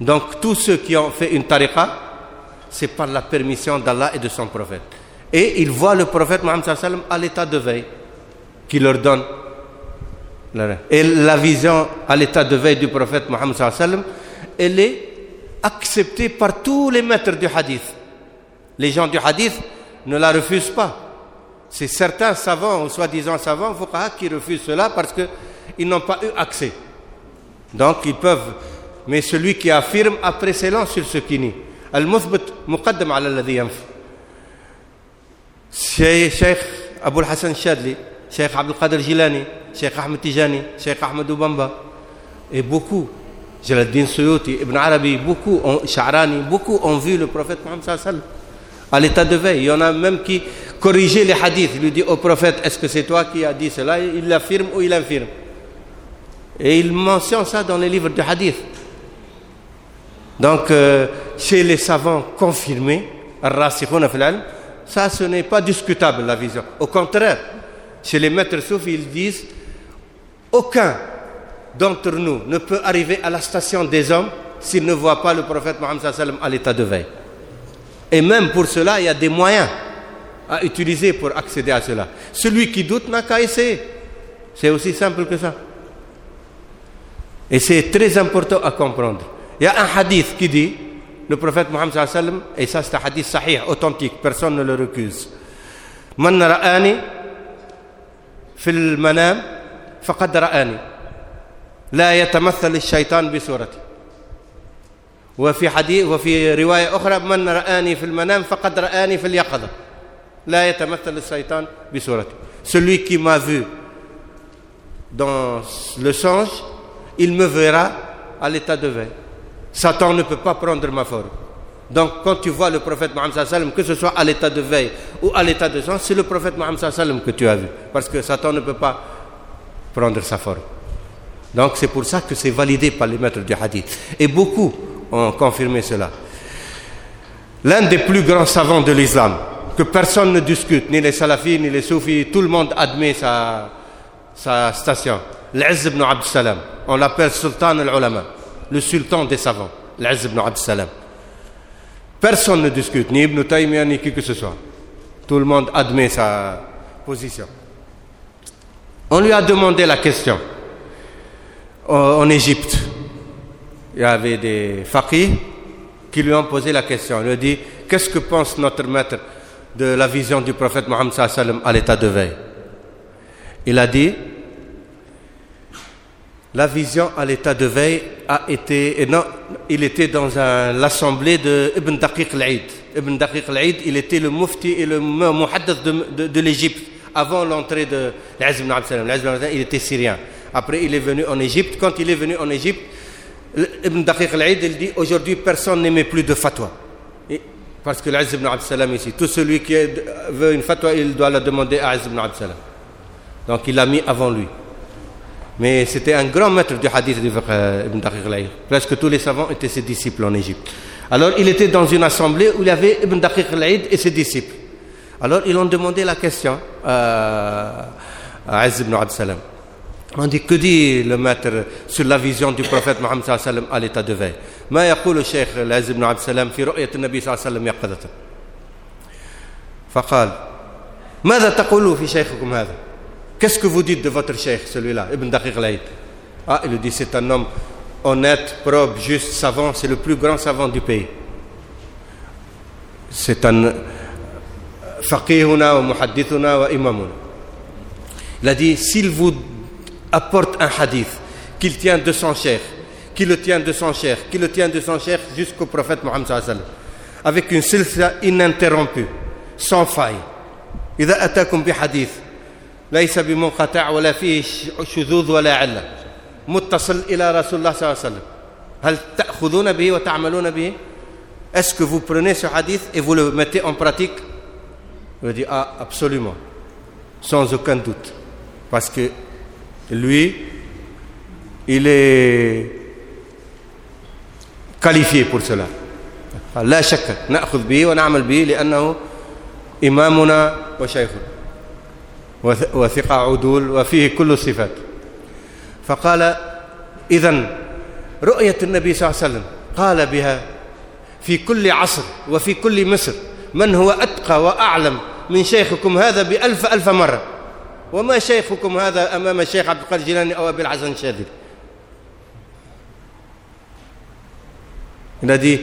Donc tous ceux qui ont fait une tariqa, c'est par la permission d'Allah et de son prophète. Et ils voient le prophète Mohammed sallam à l'état de veille qui leur donne. Et la vision à l'état de veille du prophète Mohammed sallam, elle est acceptée par tous les maîtres du hadith. Les gens du hadith ne la refusent pas. C'est certains savants ou soi-disant savants qui refusent cela parce qu'ils n'ont pas eu accès. Donc ils peuvent mais celui qui affirme a préséance sur ce qui nie al-muthbit muqaddam ala alladhi yanfi Cheikh Abul Hasan Chadli Cheikh Abdul Qadir Jilani Cheikh Ahmed Tijani Cheikh Ahmadou Bamba et beaucoup Jalaluddin Suyuti Ibn Arabi beaucoup ont Sha'rani beaucoup ont vu le prophète Mohammed sallallahu alayhi wa sallam à l'état de veille il y en a même qui corrigeaient les hadiths il lui dit au prophète est-ce que c'est toi qui as dit cela il l'affirme ou il infirme et il mentionne ça dans les livres de hadith donc euh, chez les savants confirmés rasikhuna fil ilm ça ce n'est pas discutable la vision au contraire chez les maîtres soufis ils disent aucun d'entre nous ne peut arriver à la station des hommes s'il ne voit pas le prophète Mohammed sallallahu alayhi wa sallam à l'état de veille et même pour cela il y a des moyens à utiliser pour accéder à cela celui qui doute n'a qu'à essayer c'est aussi simple que ça et c'est très important à comprendre Il y a un hadith qui dit, le prophète Mohammed sallam, et ça c'est un hadith sahih, authentique, personne ne le recuse. Man ra'ani fil manam faqad ra'ani. لا يتمثل الشيطان بصورتي وفي حديث وفي رواية أخرى من رآني في المنام فقد رآني في اليقظة لا يتمثل الشيطان بصورتي celui qui m'a vu dans le songe il me verra à l'état de veille Satan ne peut pas prendre ma forme. Donc quand tu vois le prophète Mohammed sallam que ce soit à l'état de veille ou à l'état de sang, c'est le prophète Mohammed sallam que tu as vu parce que Satan ne peut pas prendre sa forme. Donc c'est pour ça que c'est validé par les maîtres du hadith et beaucoup ont confirmé cela. L'un des plus grands savants de l'islam que personne ne discute, ni les salafis ni les soufis, tout le monde admet sa sa station. L'Izz ibn Abd Salam, on l'appelle Sultan al-Ulama. le sultan des savants, l'Az ibn Abd Salam. Personne ne discute, ni Ibn Taymiyyah, ni qui que ce soit. Tout le monde admet sa position. On lui a demandé la question. En Égypte, il y avait des faqirs qui lui ont posé la question. Il lui a dit, qu'est-ce que pense notre maître de la vision du prophète Mohammed à l'état de veille Il a dit, la vision à l'état de veille a été, et non, il était dans un, l'assemblée de Ibn Daqiq al-Aid. Ibn Daqiq al-Aid, il était le mufti et le muhaddith de, de, de l'Égypte avant l'entrée de l'Az ibn Abdel Salam. il était syrien. Après, il est venu en Égypte. Quand il est venu en Égypte, Ibn Daqiq al-Aid, il dit aujourd'hui, personne n'émet plus de fatwa. Et, parce que l'Az ibn Abdel Salam ici, tout celui qui veut une fatwa, il doit la demander à Az ibn Abdel Salam. Donc, il l'a mis avant lui. mais c'était un grand maître du hadith du fiqh euh, Ibn Daqiq Presque tous les savants étaient ses disciples en Égypte. Alors il était dans une assemblée où il y avait Ibn Daqiq et ses disciples. Alors ils ont demandé la question à Aziz ibn Abd Salam. On dit que dit le maître sur la vision du prophète Mohammed sallam à l'état de veille. ما يقول الشيخ العز بن عبد السلام في رؤية النبي صلى الله عليه وسلم يقظة فقال ماذا تقول في شيخكم هذا Qu'est-ce que vous dites de votre cheikh, celui-là, Ibn Daqiq Laïd Ah, il dit, c'est un homme honnête, probe, juste, savant, c'est le plus grand savant du pays. C'est un faqihuna wa muhaddithuna wa imamuna. Il a dit, s'il vous apporte un hadith, qu'il tient de son cheikh, qu'il le tient de son cheikh, qu'il le tient de son cheikh jusqu'au prophète Mohammed sallallahu avec une silsila ininterrompue, sans faille. إذا أتاكم بحديث laysa bi munqata wala fii shuzuz wala illa muttasil ila rasulillah sallallahu alayhi wa sallam hal ta'khudhuna bihi wa ta'maluna bihi est-ce que vous prenez ce hadith et vous le mettez en pratique il dit ah absolument sans aucun doute parce que lui il est qualifié pour cela la shakka na'khudh bihi wa na'mal bihi li'annahu imamuna wa shaykhuna وثقة عدول وفيه كل الصفات فقال إذا رؤية النبي صلى الله عليه وسلم قال بها في كل عصر وفي كل مصر من هو أتقى وأعلم من شيخكم هذا بألف ألف مرة وما شيخكم هذا أمام الشيخ عبد القادر الجيلاني أو أبي الحسن الشاذلي Il a dit,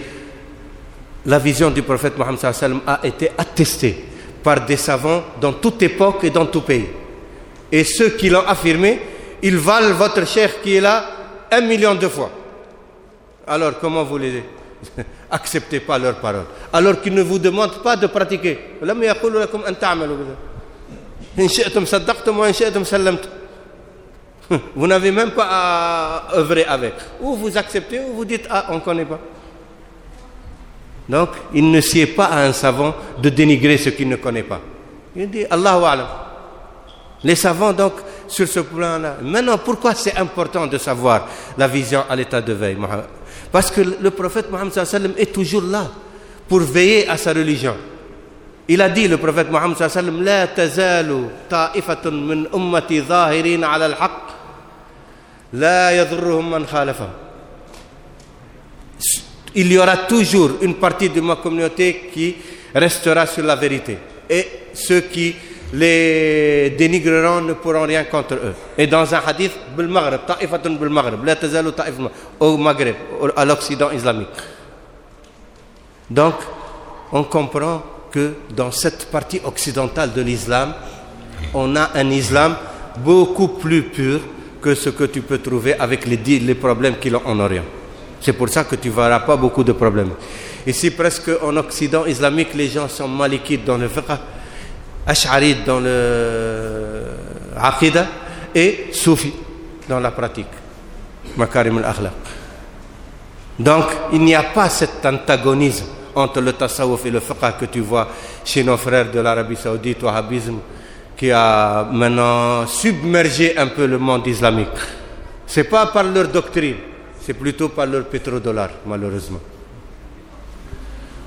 la vision du prophète Mohammed a été attestée par des savants dans toute époque et dans tout pays. Et ceux qui l'ont affirmé, ils valent votre cher qui est là un million de fois. Alors comment vous les (laughs) acceptez pas leurs paroles Alors qu'ils ne vous demandent pas de pratiquer. (laughs) Vous n'avez même pas à œuvrer avec. Ou vous acceptez ou vous dites ah on ne pas. Donc, il ne sied pas un savant de dénigrer ce qu'il ne connaît pas. Il dit Allahu Alam. Les savants, donc, sur ce plan-là. Maintenant, pourquoi c'est important de savoir la vision à l'état de veille Parce que le prophète Mohammed est toujours là pour veiller à sa religion. Il a dit, le prophète Mohammed La tazalu ta'ifatun min ummati zahirin ala al-haq. La yadurruhum man khalafam. il y aura toujours une partie de ma communauté qui restera sur la vérité. Et ceux qui les dénigreront ne pourront rien contre eux. Et dans un hadith, bil Maghreb, ta'ifatun bil Maghreb, la tazalu au Maghreb, à l'Occident islamique. Donc, on comprend que dans cette partie occidentale de l'islam, on a un islam beaucoup plus pur que ce que tu peux trouver avec les, les problèmes qu'il a en Orient. C'est pour ça que tu verras pas beaucoup de problèmes. Ici, presque en Occident islamique, les gens sont malikites dans le fiqh, ash'arites dans le aqidah et soufis dans la pratique, makarim al-akhlaq. Donc, il n'y a pas cet antagonisme entre le tasawuf et le fiqh que tu vois chez nos frères de l'Arabie saoudite, wahhabisme, qui a maintenant submergé un peu le monde islamique. C'est pas par leur doctrine c'est plutôt par leur pétrodollar, malheureusement.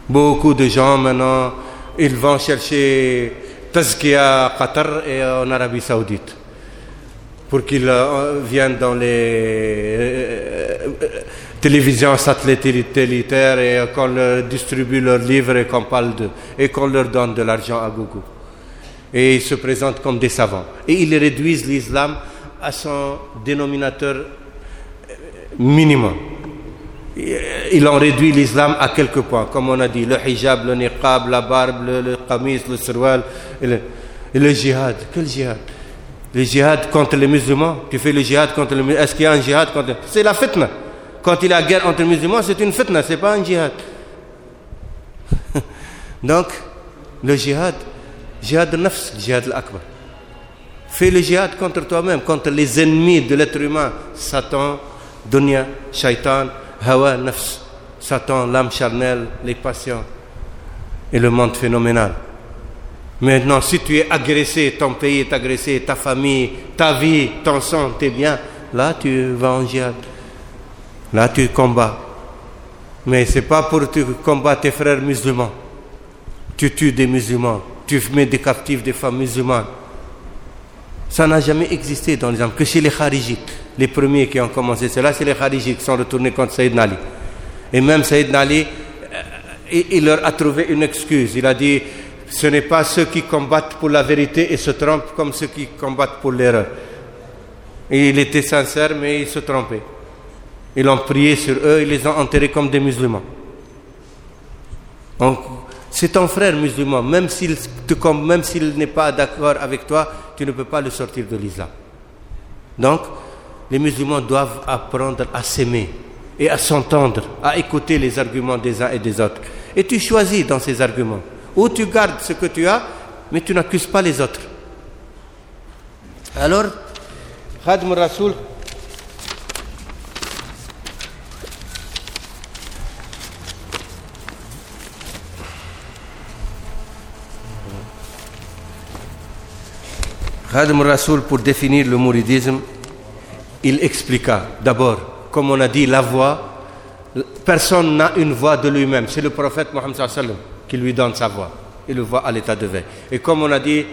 Beaucoup de gens maintenant, ils vont chercher Tazkia à Qatar et en Arabie Saoudite pour qu'ils euh, viennent dans les euh, euh, télévisions satellitaires et qu'on leur distribue leurs livres et qu'on parle d'eux et qu'on leur donne de l'argent à gogo. Et ils se présentent comme des savants. Et ils réduisent l'islam à son dénominateur minimum. Ils ont réduit l'islam à quelques points, comme on a dit, le hijab, le niqab, la barbe, le, le qamis, le surwal, et le, et le jihad. Quel jihad? Le jihad contre les musulmans, tu fais le jihad contre les musulmans. Est-ce qu'il y a un jihad contre... C'est la fitna. Quand il y a guerre entre les musulmans, c'est une fitna, c'est pas un jihad. (laughs) Donc, le jihad, jihad nafs, jihad al-akbar. Fais le jihad contre toi-même, contre les ennemis de l'être humain, Satan, dunya shaitan hawa nafs Satan l'âme charnelle les passions et le monde phénoménal maintenant si tu es agressé ton pays est agressé ta famille ta vie ton sang tes biens là tu vas en jihad là tu combats mais c'est pas pour tu combattre tes frères musulmans tu tues des musulmans tu mets des captifs des femmes musulmanes ça n'a jamais existé dans l'islam que chez les kharijites les premiers qui ont commencé cela c'est les kharijites qui contre Sayyidina et même Sayyidina euh, il, leur a trouvé une excuse il a dit ce n'est pas ceux qui combattent pour la vérité et se trompent comme ceux qui combattent pour l'erreur il était sincère mais il se trompait ils ont prié sur eux ils les ont enterrés comme des musulmans C'est ton frère musulman, même s'il te même s'il n'est pas d'accord avec toi, tu ne peux pas le sortir de l'islam. Donc, les musulmans doivent apprendre à s'aimer et à s'entendre, à écouter les arguments des uns et des autres. Et tu choisis dans ces arguments. Ou tu gardes ce que tu as, mais tu n'accuses pas les autres. Alors, Khadm Rasoul Khadim Rasoul pour définir le mouridisme il expliqua d'abord comme on a dit la voix personne n'a une voix de lui-même c'est le prophète Mohammed sallallahu alayhi wa sallam qui lui voix il le voit à l'état de veille et comme on a dit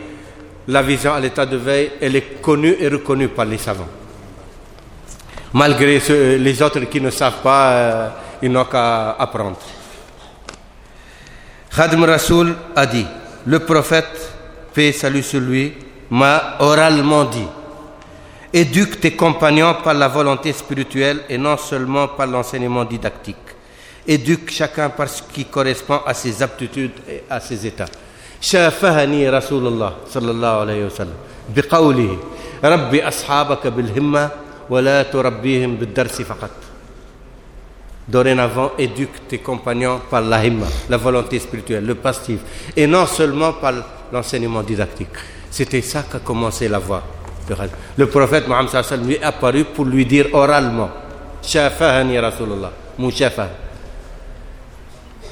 la vision à l'état de veille elle est connue et reconnue par les savants malgré ceux, les autres qui ne savent pas euh, n'ont qu'à apprendre Khadim Rasoul a dit le prophète paix salut sur lui m'a oralement dit, éduque tes compagnons par la volonté spirituelle et non seulement par l'enseignement didactique. Éduque chacun par ce qui correspond à ses aptitudes et à ses états. شافهني la الله صلى الله عليه وسلم بقوله ربي أصحابك بالهمة ولا تربيهم بالدرس فقط Dorénavant, par la himma, la volonté spirituelle, le pastif, et non seulement par l'enseignement didactique. C'était ça qu'a commencé la voie. Le prophète Mohammed sallam lui est apparu pour lui dire oralement Shafahani Rasulullah, Mushafa.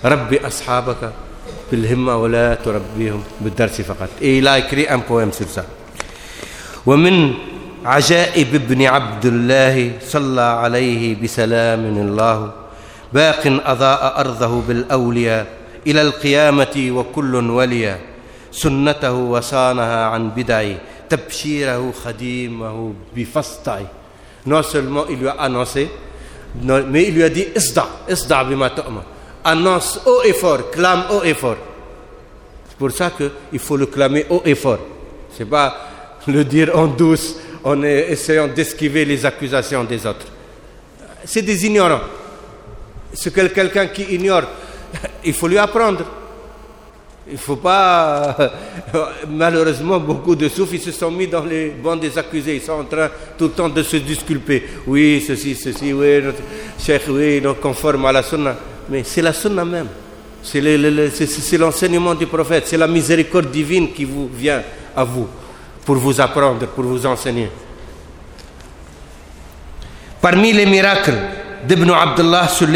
Rabbi ashabaka bil himma wa la turabbihum bid darsi faqat. Et il a écrit un poème sur ça. Wa min ajaib ibn Abdullah salla alayhi bi salamin Allah baqin adaa ardahu bil awliya ila al qiyamati wa kullun waliya. سنته وصانها عن بدعه تبشيره خديمه بفسطعه non seulement il lui a annoncé mais il lui a dit isda isda bima tu'mar annonce haut et clame haut et c'est faut le clamer haut et fort pas le dire en douce en essayant d'esquiver les accusations des autres c'est des ignorants c'est quelqu'un qui ignore il faut lui apprendre Il faut pas. (laughs) Malheureusement, beaucoup de soufis se sont mis dans les bancs des accusés. Ils sont en train tout le temps de se disculper. Oui, ceci, oui, notre cheikh, oui, non conforme à la sunna. Mais c'est la sunna même. C'est l'enseignement le, du prophète. C'est la miséricorde divine qui vient à vous pour vous apprendre, pour vous enseigner. Parmi les miracles d'Ibn Abdullah, sur,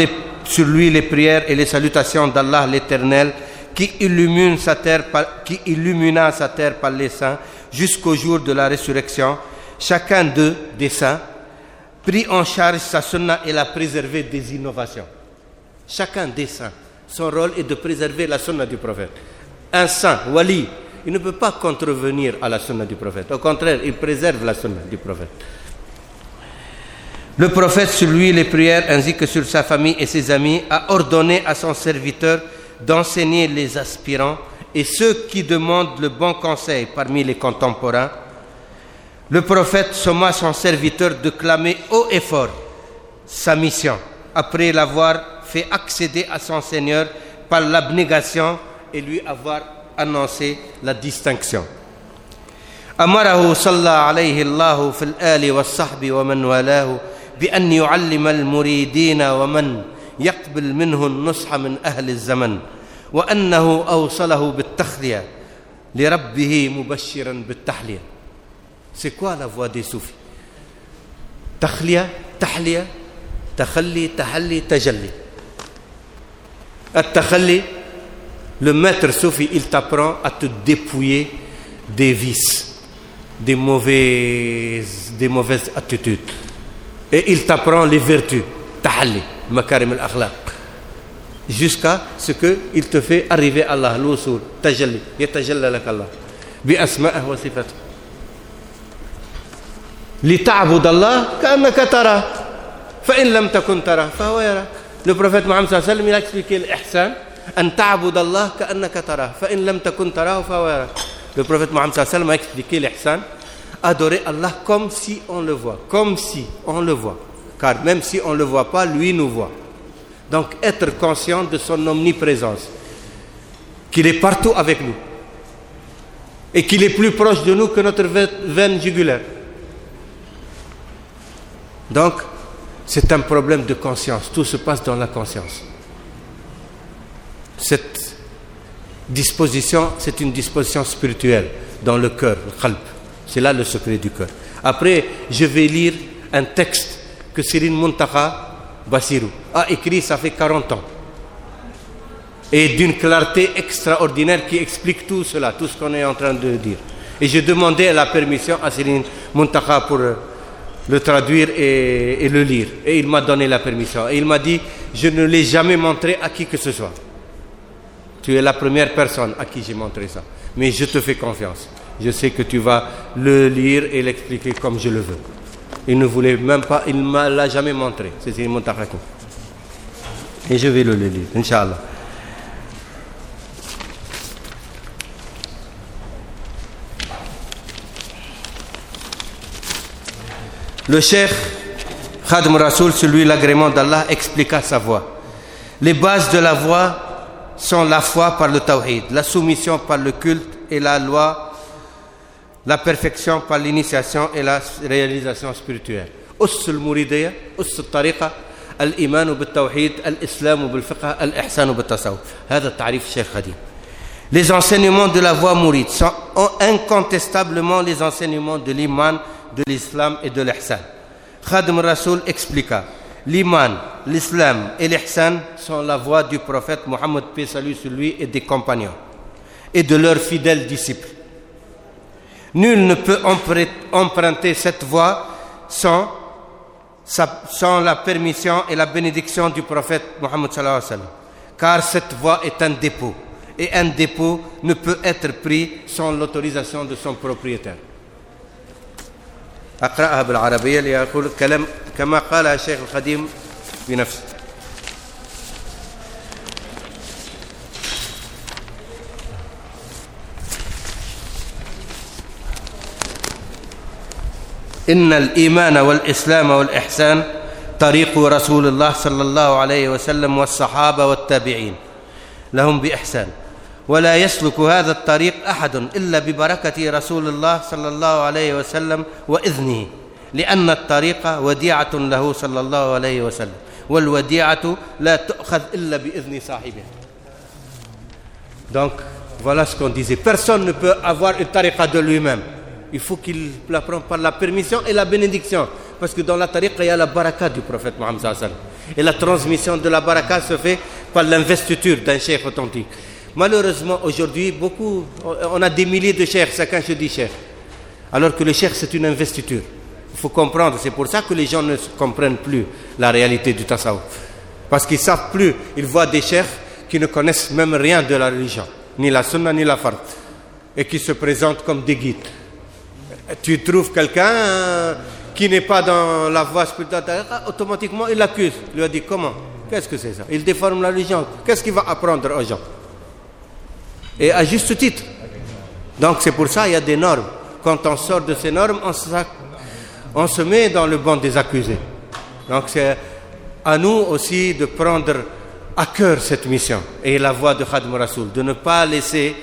sur lui les prières et les salutations d'Allah l'Éternel, qui, illumine sa terre par, qui illumina sa terre par les saints jusqu'au jour de la résurrection, chacun d'eux, des saints, pris en charge sa sunna et la préservé des innovations. Chacun des saints, son rôle est de préserver la sunna du prophète. Un saint, wali, il ne peut pas contrevenir à la sunna du prophète. Au contraire, il préserve la sunna du prophète. Le prophète, sur lui, les prières, ainsi que sur sa famille et ses amis, a ordonné à son serviteur d'enseigner les aspirants et ceux qui demandent le bon conseil parmi les contemporains, le prophète somma son serviteur de clamer haut et fort sa mission, après l'avoir fait accéder à son Seigneur par l'abnégation et lui avoir annoncé la distinction. أمره صلى عليه الله في الآل والصحب ومن والاه بأن يعلم المريدين ومن يقبل منه النصح من أهل الزمن وأنه أوصله بالتخلية لربه مبشرا بالتحلية C'est quoi la voie des soufis تخلية تحلية تخلي تحلي تجلي التخلي le maître soufi il t'apprend à te dépouiller des vices des mauvaises des mauvaises attitudes et il t'apprend les vertus tahalli makarim al akhlaq jusqu'à ce que il te fait arriver Allah l'usul tajalli yatajalla lak Allah bi asma'ihi wa sifatihi li ta'bud Allah ka'annaka tara fa in lam takun tara fa huwa yarak le prophète Mohammed sallallahu alayhi wa sallam il a expliqué l'ihsan an ta'bud Allah ka'annaka tara fa in lam takun tara fa huwa yarak le prophète Mohammed sallallahu alayhi wa sallam a expliqué l'ihsan adorer Allah comme si on le voit comme si on le voit car même si on ne le voit pas, lui nous voit. Donc être conscient de son omniprésence, qu'il est partout avec nous, et qu'il est plus proche de nous que notre veine jugulaire. Donc, c'est un problème de conscience, tout se passe dans la conscience. Cette disposition, c'est une disposition spirituelle dans le cœur, le qalb. C'est là le secret du cœur. Après, je vais lire un texte que Serigne Mountakha Bassirou a écrit ça fait 40 ans et d'une clarté extraordinaire qui explique tout cela, tout ce qu'on est en train de dire. Et j'ai demandé la permission à Serigne Mountakha pour euh, le traduire et, et le lire. Et il m'a donné la permission. Et il m'a dit, je ne l'ai jamais montré à qui que ce soit. Tu es la première personne à qui j'ai montré ça. Mais je te fais confiance. Je sais que tu vas le lire et l'expliquer comme je le veux. il ne voulait même pas il ne l'a jamais montré c'est Serigne Mountakha le lire Inch'Allah Le cheikh Khadim Rasoul, celui l'agrément d'Allah, expliqua sa voie. Les bases de la voie sont la foi par le tawhid, la soumission par le culte et la loi la perfection par l'initiation et la réalisation spirituelle us al-muridiyya us al-tariqa al-iman bit-tawhid al bil-fiqh al-ihsan bit-tasawwuf ta'rif Cheikh Khadim les enseignements de la voie mouride sont incontestablement les enseignements de l'iman de l'islam et de l'ihsan Khadim Rasoul expliqua l'iman la voie du prophète Mohammed paix salut et des compagnons et de leurs fidèles disciples Nul ne peut emprunter cette voie sans, sans la permission et la bénédiction du prophète Mohammed sallallahu alayhi wa sallam. Car cette voie est un dépôt. Et un dépôt ne peut être pris sans l'autorisation de son propriétaire. أقرأها بالعربية ليقول كلام كما قال الشيخ القديم بنفسه إن الإيمان والإسلام والإحسان طريق رسول الله صلى الله عليه وسلم والصحابة والتابعين لهم بإحسان ولا يسلك هذا الطريق أحد إلا ببركة رسول الله صلى الله عليه وسلم وإذنه لأن الطريق وديعة له صلى الله عليه وسلم والوديعة لا تؤخذ إلا بإذن صاحبها Donc, voilà ce qu'on disait. Personne ne peut avoir une tariqa de lui-même. il faut qu'il la par la permission et la bénédiction. Parce que dans la tariqa, il y a la baraka du prophète Mohammed Et la transmission de la baraka se fait par l'investiture d'un cheikh authentique. Malheureusement, aujourd'hui, beaucoup, on a des milliers de chefs, chacun se dit que le chef, c'est une investiture. Il faut comprendre, que les gens ne comprennent plus la réalité du tasawwuf. Parce qu'ils savent plus, ils voient des chefs qui ne connaissent même rien de tu trouves quelqu'un euh, qui n'est pas dans la voie spirituelle, ah, automatiquement il l'accuse. Il lui dit comment Qu'est-ce que c'est ça Il déforme la religion. Qu'est-ce qu'il va apprendre aux gens Et à juste titre. Donc c'est pour ça qu'il y a des normes. Quand on sort de ces normes, on se, on se met dans le banc des accusés. Donc c'est à nous aussi de prendre à cœur cette mission et la voie de Khadm Rasoul, de ne pas laisser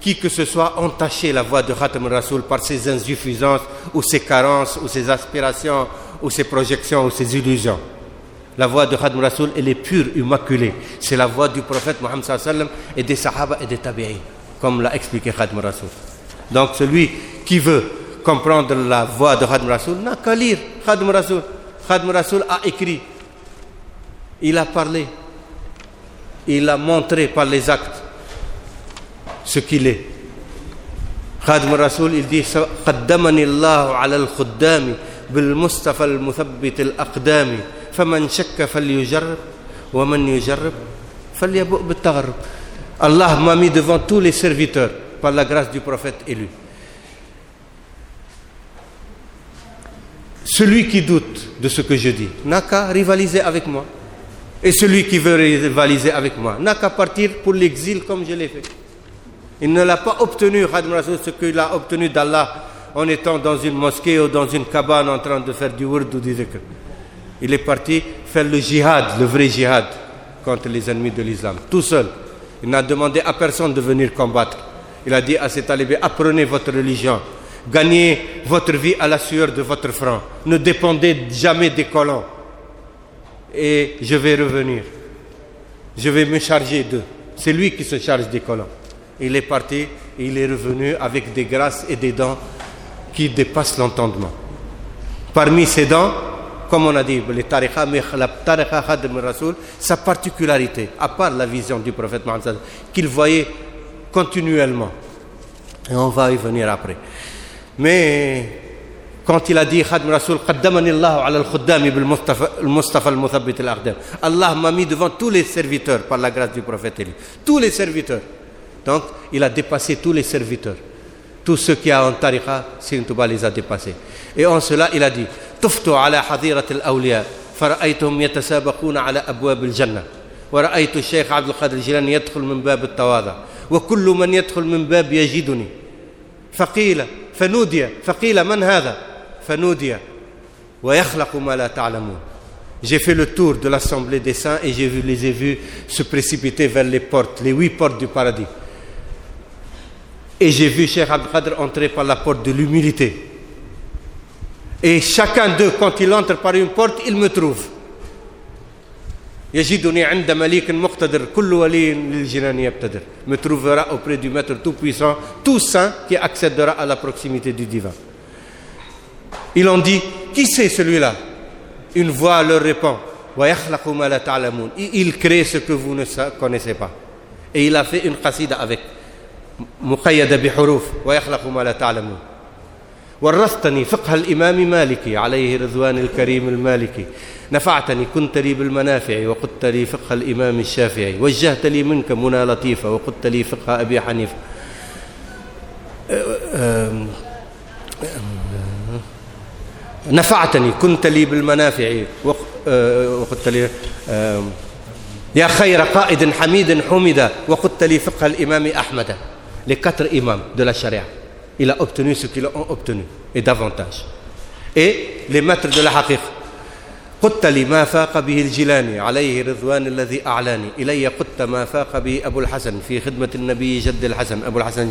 qui que ce soit entaché la voie de Khatam Rasoul par ses insuffisances ou ses carences ou ses aspirations ou ses projections ou ses illusions. La voie de Khatam Rasoul, elle est pure, immaculée. C'est la voie du prophète Mohammed sallam et des Sahaba et des Tabi'in, comme l'a expliqué Khatam Rasoul. Donc celui qui veut comprendre la voie de Khatam Rasoul n'a qu'à lire Khatam Rasoul. Khatam Rasoul a écrit, il a parlé, il a montré par les actes ce qu'il est Khadim Rasoul il dit qaddamani llahu ala alxuddaami bilmustafa almuthabbit alaqdaami faman shakka falyujarrib wa man yujarrib falyabu bitagharrub Allah m'a mis devant tous les serviteurs par la grâce du prophète élu celui qui doute de ce que je dis n'a qu'à rivaliser avec moi et celui qui veut rivaliser avec moi n'a qu'à partir pour l'exil comme je l'ai fait Il ne l'a pas obtenu, ce qu'il a obtenu d'Allah en étant dans une mosquée ou dans une cabane en train de faire du wurd ou du zikr. Il est parti faire le jihad, le vrai jihad, contre les ennemis de l'islam, tout seul. Il n'a demandé à personne de venir combattre. Il a dit à ses talibés, apprenez votre religion, gagnez votre vie à la sueur de votre front, ne dépendez jamais des colons. Et je vais revenir, je vais me charger d'eux. C'est lui qui se charge des colons. il est parti, il est revenu des grâces et des dents qui dépassent l'entendement. Parmi ces dents, comme on a dit, les tariqa, mais la tariqa Khadim Rasoul, sa particularité, à part la vision du prophète Mohammed, qu'il voyait continuellement. Et on va y venir après. Mais quand il a dit Khadim Rasoul, Allah m'a mis devant tous les serviteurs par la grâce du prophète Eli. Tous les serviteurs. Donc, il a dépassé tous les serviteurs. Tous ceux qui ont un tariqa, Sirin Touba les a dépassés. Et en cela, il a dit Tuftu ala hadirat al-awliya, fara'aytuhum yatasabaquna ala abwab al-jannah. ورأيت الشيخ عبد القادر الجيلاني يدخل من باب التواضع وكل من يدخل من باب يجدني فقيل فنودي فقيل من هذا فنودي ويخلق ما لا تعلمون J'ai fait le tour de l'assemblée des saints et j'ai vu les ai vus se précipiter vers les portes, les huit portes du paradis. Et j'ai vu Cheikh Abdel Khadr par la porte de l'humilité. Et chacun d'eux, quand il entre par une porte, il me trouve. يجدني عند مليك مقتدر كل ولي للجنان يبتدر me trouvera auprès du maître tout puissant tout saint qui accédera à la proximité du divin ils ont dit qui c'est celui-là une voix leur répond wa il crée ce que vous ne connaissez pas et il a fait une qasida avec muqayyada bi xuruf wa yaxlaqu ma la taalamuun warastani fiqha alimaami maliki alayhi ridwani alkarim almaliki nafaatani kunta li bilmanafici wa qulta li fiqha alimaami alshafici wajjahta li minka muna latifa wa qulta li fiqha abi xanifa nafaatani kunta li bilmanafici wa qulta li yaa xayra qaa'idin xamidin xumida wa qulta li fiqha alimaami ahmada les quatre imams de la charia. Il a obtenu ce qu'ils et davantage. Et les maîtres de la haqiqa. Quttali ma faqa bihi al-Jilani alayhi ridwan alladhi a'lani ilayya qutta ma faqa bihi Abu al-Hasan fi khidmati al-Hasan Abu al-Hasan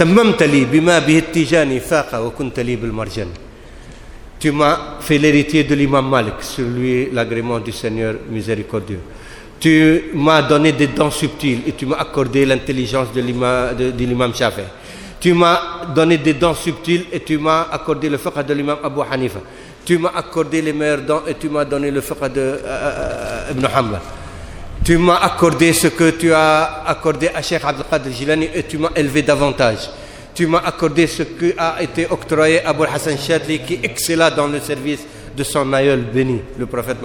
al li bima bihi at-Tijani faqa wa kunta li bil-Marjani. Tu m'as fait de l'imam Malik, sur lui l'agrément du Seigneur miséricordieux. tu m'as donné des dents subtiles et tu m'as accordé l'intelligence de l'imam de, de l'imam Shafi tu m'as donné des dents subtiles et tu m'as accordé le fiqh de l'imam Abu Hanifa tu m'as accordé les meilleures dents et tu m'as donné le fiqh de euh, euh, euh tu m'as accordé ce que tu as accordé à Cheikh Abdel Jilani et tu m'as élevé davantage tu m'as accordé ce qui été octroyé à Abul Hassan Chadli qui excella dans le service de son aïeul béni le prophète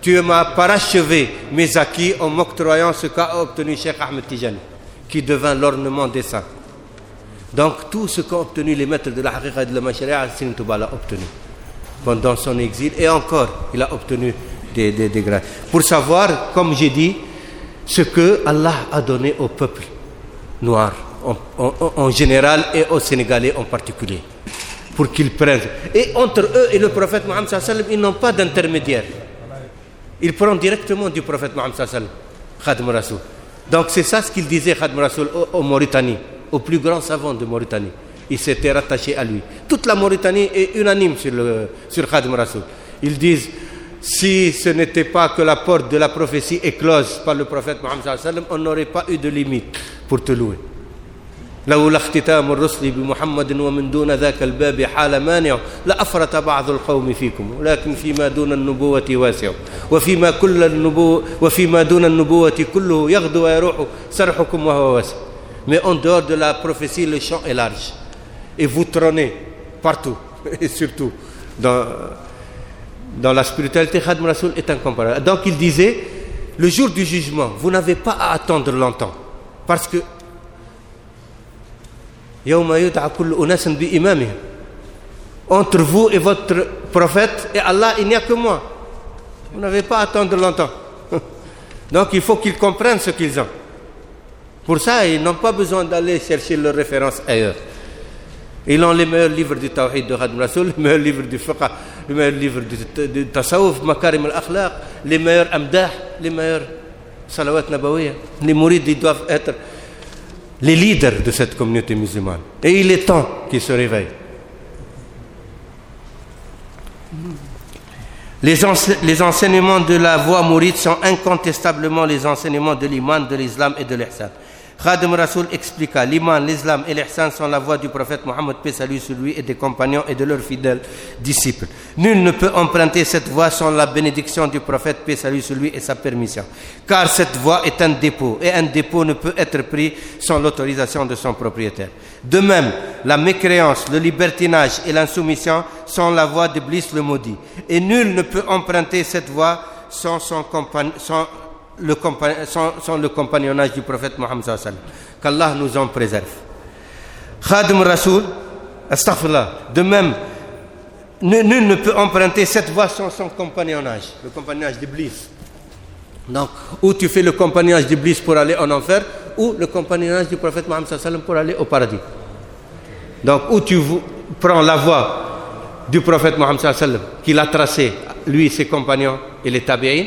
tu m'as parachevé mes acquis en m'octroyant ce qu'a obtenu Cheikh Ahmed Tijani, qui devint l'ornement des Donc tout ce qu'ont obtenu les maîtres de la Haqiqa et de la obtenu pendant son exil et encore il a obtenu des, des, Pour savoir, comme j'ai dit, ce que a donné au peuple noir en, général et aux Sénégalais en particulier, pour qu'ils prennent. Et entre eux et le prophète Mohammed, ils n'ont pas d'intermédiaire. Il prend directement du prophète Mohammed sallallahu Khadim Rasoul. Donc c'est ça ce qu'il disait Khadim Rasoul au, au Mauritanie, au plus grand savant de Mauritanie. Il s'était rattaché à lui. Toute la Mauritanie est unanime sur le sur Khadim Rasoul. Ils disent si ce n'était pas que la porte de la prophétie est close par le prophète Mohammed sallallahu on n'aurait pas eu de limite pour te louer. لولا اختتام الرسل بمحمد ومن دون ذاك الباب حال مانع لأفرت بعض القوم فيكم ولكن فيما دون النبوة واسع وفيما كل النبوة وفيما دون النبوة كله يغدو ويروح سرحكم وهو واسع mais en dehors de la prophétie le champ est large et vous trônez partout (laughs) et surtout dans dans la spiritualité Khadim Rasoul est incomparable donc il disait le jour du jugement vous n'avez pas à attendre longtemps parce que yawma yud'a kullu unasin bi imamihim entre vous et votre prophète et Allah il n'y a que moi vous n'avez pas attendre longtemps (laughs) donc il faut qu'ils comprennent ce qu'ils ont pour ça ils n'ont pas besoin d'aller chercher leurs références ailleurs ils ont les meilleurs livres du tawhid de Khadim Rasoul les meilleurs livres du fiqh les meilleurs livres du, du tasawuf makarim al-akhlaq les meilleurs amdah les meilleurs salawat nabawiyya les mourides ils les leaders de cette communauté musulmane. Et il est temps qu'ils se réveillent. Les, ense les, enseignements de la voie mouride sont incontestablement les enseignements de l'imam, de l'islam et de l'ihsan. Khadim Rasoul expliqua l'iman, l'islam et l'ihsan sont la voie du prophète Mohammed, paix sur lui et des compagnons et de leurs fidèles disciples. Nul ne peut emprunter cette voie sans la bénédiction du prophète, paix sur lui et sa permission. Car cette voie est un dépôt et un dépôt ne peut être pris sans l'autorisation de son propriétaire. De même, la mécréance, le libertinage et l'insoumission sont la voie d'Iblis le maudit. Et nul ne peut emprunter le compa sont, sont le compagnonnage du prophète Mohammed sallallahu alayhi wa sallam qu'Allah nous en préserve Khadim Rasoul astaghfirullah de même nul ne peut emprunter cette voie sans son compagnonnage le compagnonnage d'Iblis donc ou tu fais le compagnonnage d'Iblis pour aller en enfer ou le compagnonnage du prophète Mohammed sallallahu alayhi wa sallam pour aller au paradis donc ou tu prends la voie du prophète Mohammed sallallahu alayhi wa sallam qu'il a tracé lui ses compagnons et les tabi'in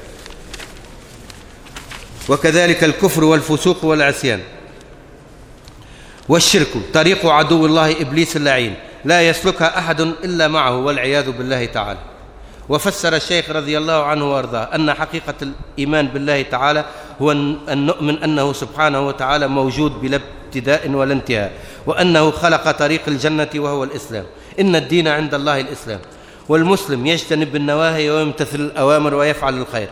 وكذلك الكفر والفسوق والعصيان والشرك طريق عدو الله إبليس اللعين لا يسلكها أحد إلا معه والعياذ بالله تعالى وفسر الشيخ رضي الله عنه وارضاه أن حقيقة الإيمان بالله تعالى هو أن نؤمن أنه سبحانه وتعالى موجود بلا ابتداء ولا انتهاء وأنه خلق طريق الجنة وهو الإسلام إن الدين عند الله الإسلام والمسلم يجتنب النواهي ويمتثل الأوامر ويفعل الخير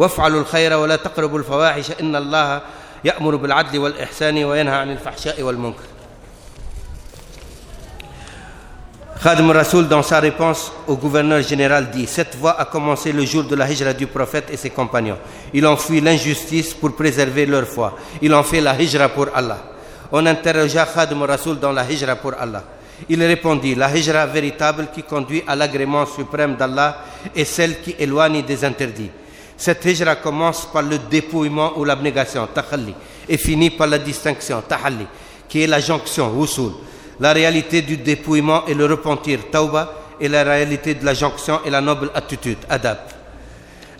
waf'alul xayra wa laa taqrabul fawaahisha inna allaha ya'muru bil adli wal ihsaani wa yanhaa anil fahshaa'i wal munkar Khadim Rasoul dans sa réponse au gouverneur général dit cette voie a commencé le jour de la hijra du prophète et ses compagnons ils ont fui l'injustice pour préserver leur foi ils ont fait la hijra pour Allah on interrogea Khadim Rasoul dans la hijra pour Allah il répondit la hijra véritable qui conduit à l'agrément suprême d'Allah est celle qui éloigne des interdits Cette hijra commence par le dépouillement ou l'abnégation, tahalli, et finit par la distinction, tahalli, qui est la jonction, wusul. La réalité du dépouillement et le repentir, tauba, et la réalité de la jonction et la noble attitude, adab.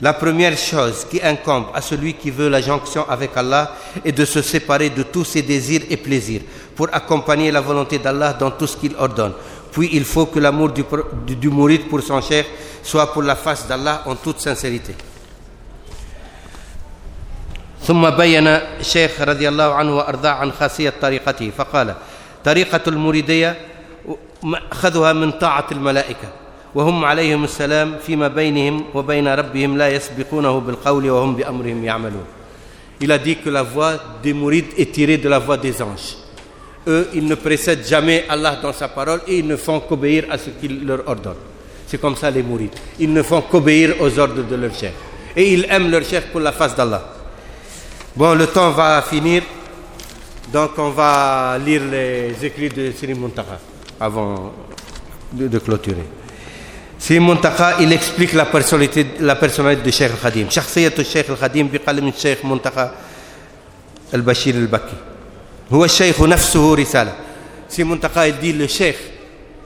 La première chose qui incombe à celui qui veut la jonction avec Allah est de se séparer de tous ses désirs et plaisirs pour accompagner la volonté d'Allah dans tout ce qu'il ordonne. Puis il faut que l'amour du, du, du mourir pour son cher soit pour la face ثم بين الشيخ رضي الله عنه وأرضاه عن خاصية طريقته فقال طريقة المريدية أخذها من طاعة الملائكة وهم عليهم السلام فيما بينهم وبين ربهم لا يسبقونه بالقول وهم بأمرهم يعملون Il a dit que la voix des mourides est tirée de la voix des anges. Eux, ils ne précèdent jamais Allah dans sa parole et ils ne font qu'obéir à ce qu'il leur ordonne. C'est comme ça les mourides. Ils ne font qu'obéir aux ordres de leur chef. Et ils aiment leur chef pour la face d'Allah. Bon, le temps va finir, donc on va lire les écrits de Siri Muntaqa avant de, de clôturer. Siri Muntaqa, il explique la personnalité, la personnalité de Cheikh Al-Khadim. شخصية الشيخ الخديم بقلم الشيخ منتقى البشير البكي. هو الشيخ نفسه رسالة. Siri Muntaqa, il dit le Cheikh,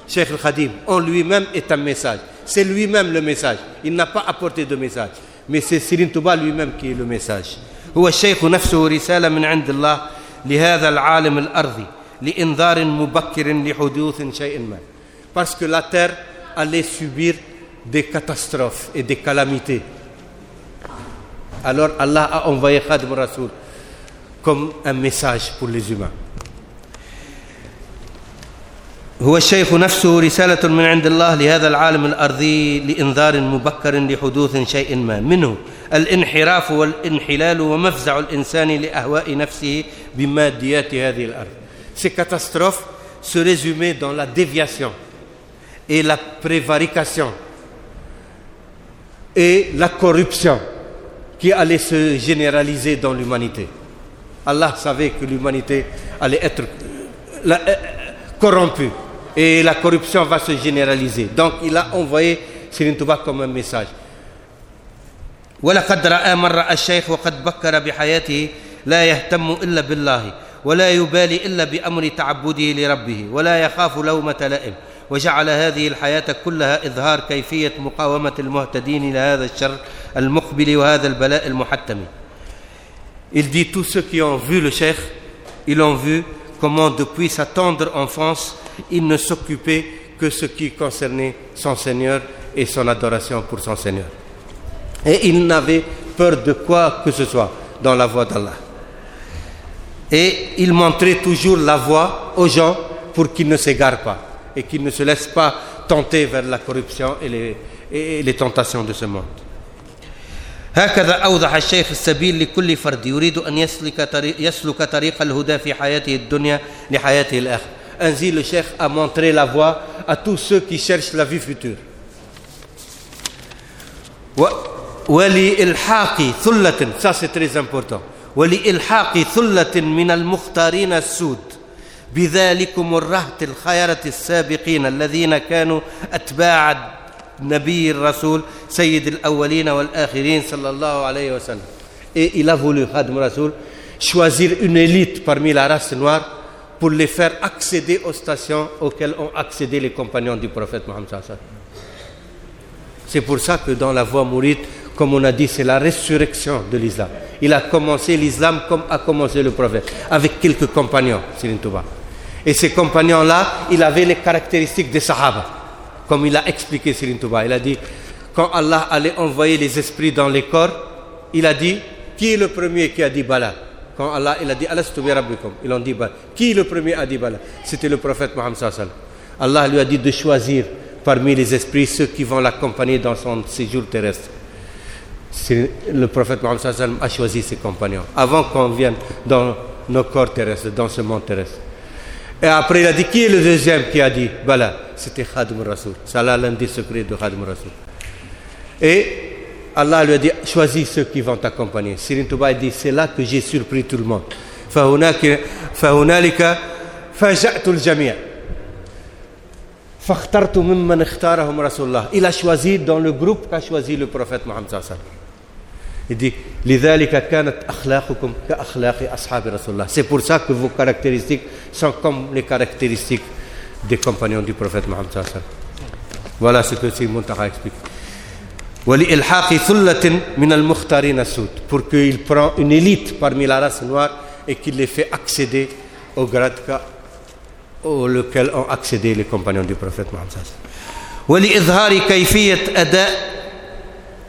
Cheikh Al-Khadim, en lui-même est un message. C'est lui-même le message. Il n'a pas apporté de message. Mais c'est Serigne Touba lui-même qui est le message. هو الشيخ نفسه رسالة من عند الله لهذا العالم الأرضي لإنذار مبكر لحدوث شيء ما parce que la terre allait subir des catastrophes et des calamités alors Allah a envoyé Khadim Rasoul comme un message pour les humains هو الشيخ نفسه رسالة من عند الله لهذا العالم الأرضي لإنذار مبكر لحدوث شيء ما منه الانحراف والانحلال ومفزع الإنسان لأهواء نفسه بماديات هذه الأرض Ces catastrophes se résumaient dans la déviation et la prévarication et la corruption qui allait se généraliser dans l'humanité. Allah savait que l'humanité allait être euh, la, euh, corrompue. et la corruption va se généraliser donc il a envoyé Serigne Touba comme un message wa laqad ra'a marra ash-shaykh wa qad bakkara bi hayatihi la yahtammu illa billahi wa la yubali illa bi amri ta'abbudihi li rabbihi wa la yakhafu lawmata la'im wa ja'ala hadhihi al-hayata kullaha idhar kayfiyat muqawamati al-muhtadin ila hadha ash-sharr al-muqbil wa hadha al-bala' al-muhattami il dit tous ceux qui ont vu le cheikh ils ont vu comment depuis sa tendre enfance il ne s'occupait que ce qui concernait son Seigneur et son adoration pour son Seigneur. Et il n'avait peur de quoi que ce soit dans la voie d'Allah. Et il montrait toujours la voie aux gens pour qu'ils ne s'égarent pas et qu'ils ne se laissent pas tenter vers la corruption et les, tentations de ce monde. هكذا أوضح الشيخ السبيل لكل فرد يريد أن يسلك طريق, يسلك طريق الهدى في حياته الدنيا لحياته الآخرة Ainsi, le Cheikh a montré la voie à tous ceux qui cherchent la vie future. wali ilhaaqi thullatin ça c'est très important wali ilhaaqi thullatin min almukhtarina suud bidhalikum rahti alkhayrati alsabiqina alladhina kanu atba'a nabi rasul sayyid alawwalina walakhirin sallallahu alayhi wa sallam et il a voulu Khadim Rasoul choisir une élite parmi la race noire pour les faire accéder aux stations auxquelles ont accédé les compagnons du prophète Mohammed. C'est pour ça que dans la voie mourite, comme on a dit, c'est la résurrection de l'islam. Il a commencé l'islam comme a commencé le prophète, avec quelques compagnons, Et ces compagnons-là, ils avaient les caractéristiques des Sahaba, comme il a expliqué Sirin Touba. Il a dit, quand Allah allait envoyer les esprits dans les corps, il a dit, qui est le premier qui a dit Bala Quand Allah il a dit alastu bi rabbikum, ils ont dit bala. Qui le premier a dit bala C'était le prophète Mohammed sallallahu Allah lui a dit de choisir parmi les esprits ceux qui vont l'accompagner dans son séjour terrestre. C'est le prophète Mohammed sallallahu a choisi ses compagnons avant qu'on vienne dans nos corps terrestres, dans ce monde terrestre. Et après il a dit qui est le deuxième qui a dit bala C'était Khadim Rasoul. C'est là l'un des secrets de Khadim Rasoul. Et Allah lui a dit choisis ceux qui vont t'accompagner Serigne Touba dit c'est là que j'ai surpris tout le monde fa hunaka fa hunalika faja'tu al-jami' fakhtartu mimman ikhtarahum Rasulullah il a dans le groupe qu'a choisi le prophète Mohammed sallallahu alayhi wa sallam il dit lidhalika kanat akhlaqukum ka akhlaqi ashabi Rasulullah c'est pour ça que vos caractéristiques sont comme les caractéristiques des compagnons du prophète Mohammed sallallahu alayhi wa sallam wali ilhaqi thullatin min al mukhtarina suud pour qu'il prend une élite parmi la race noire et qu'il les fait accéder au grade auquel ont accédé les compagnons du prophète Mohammed wali idhari kayfiyat ada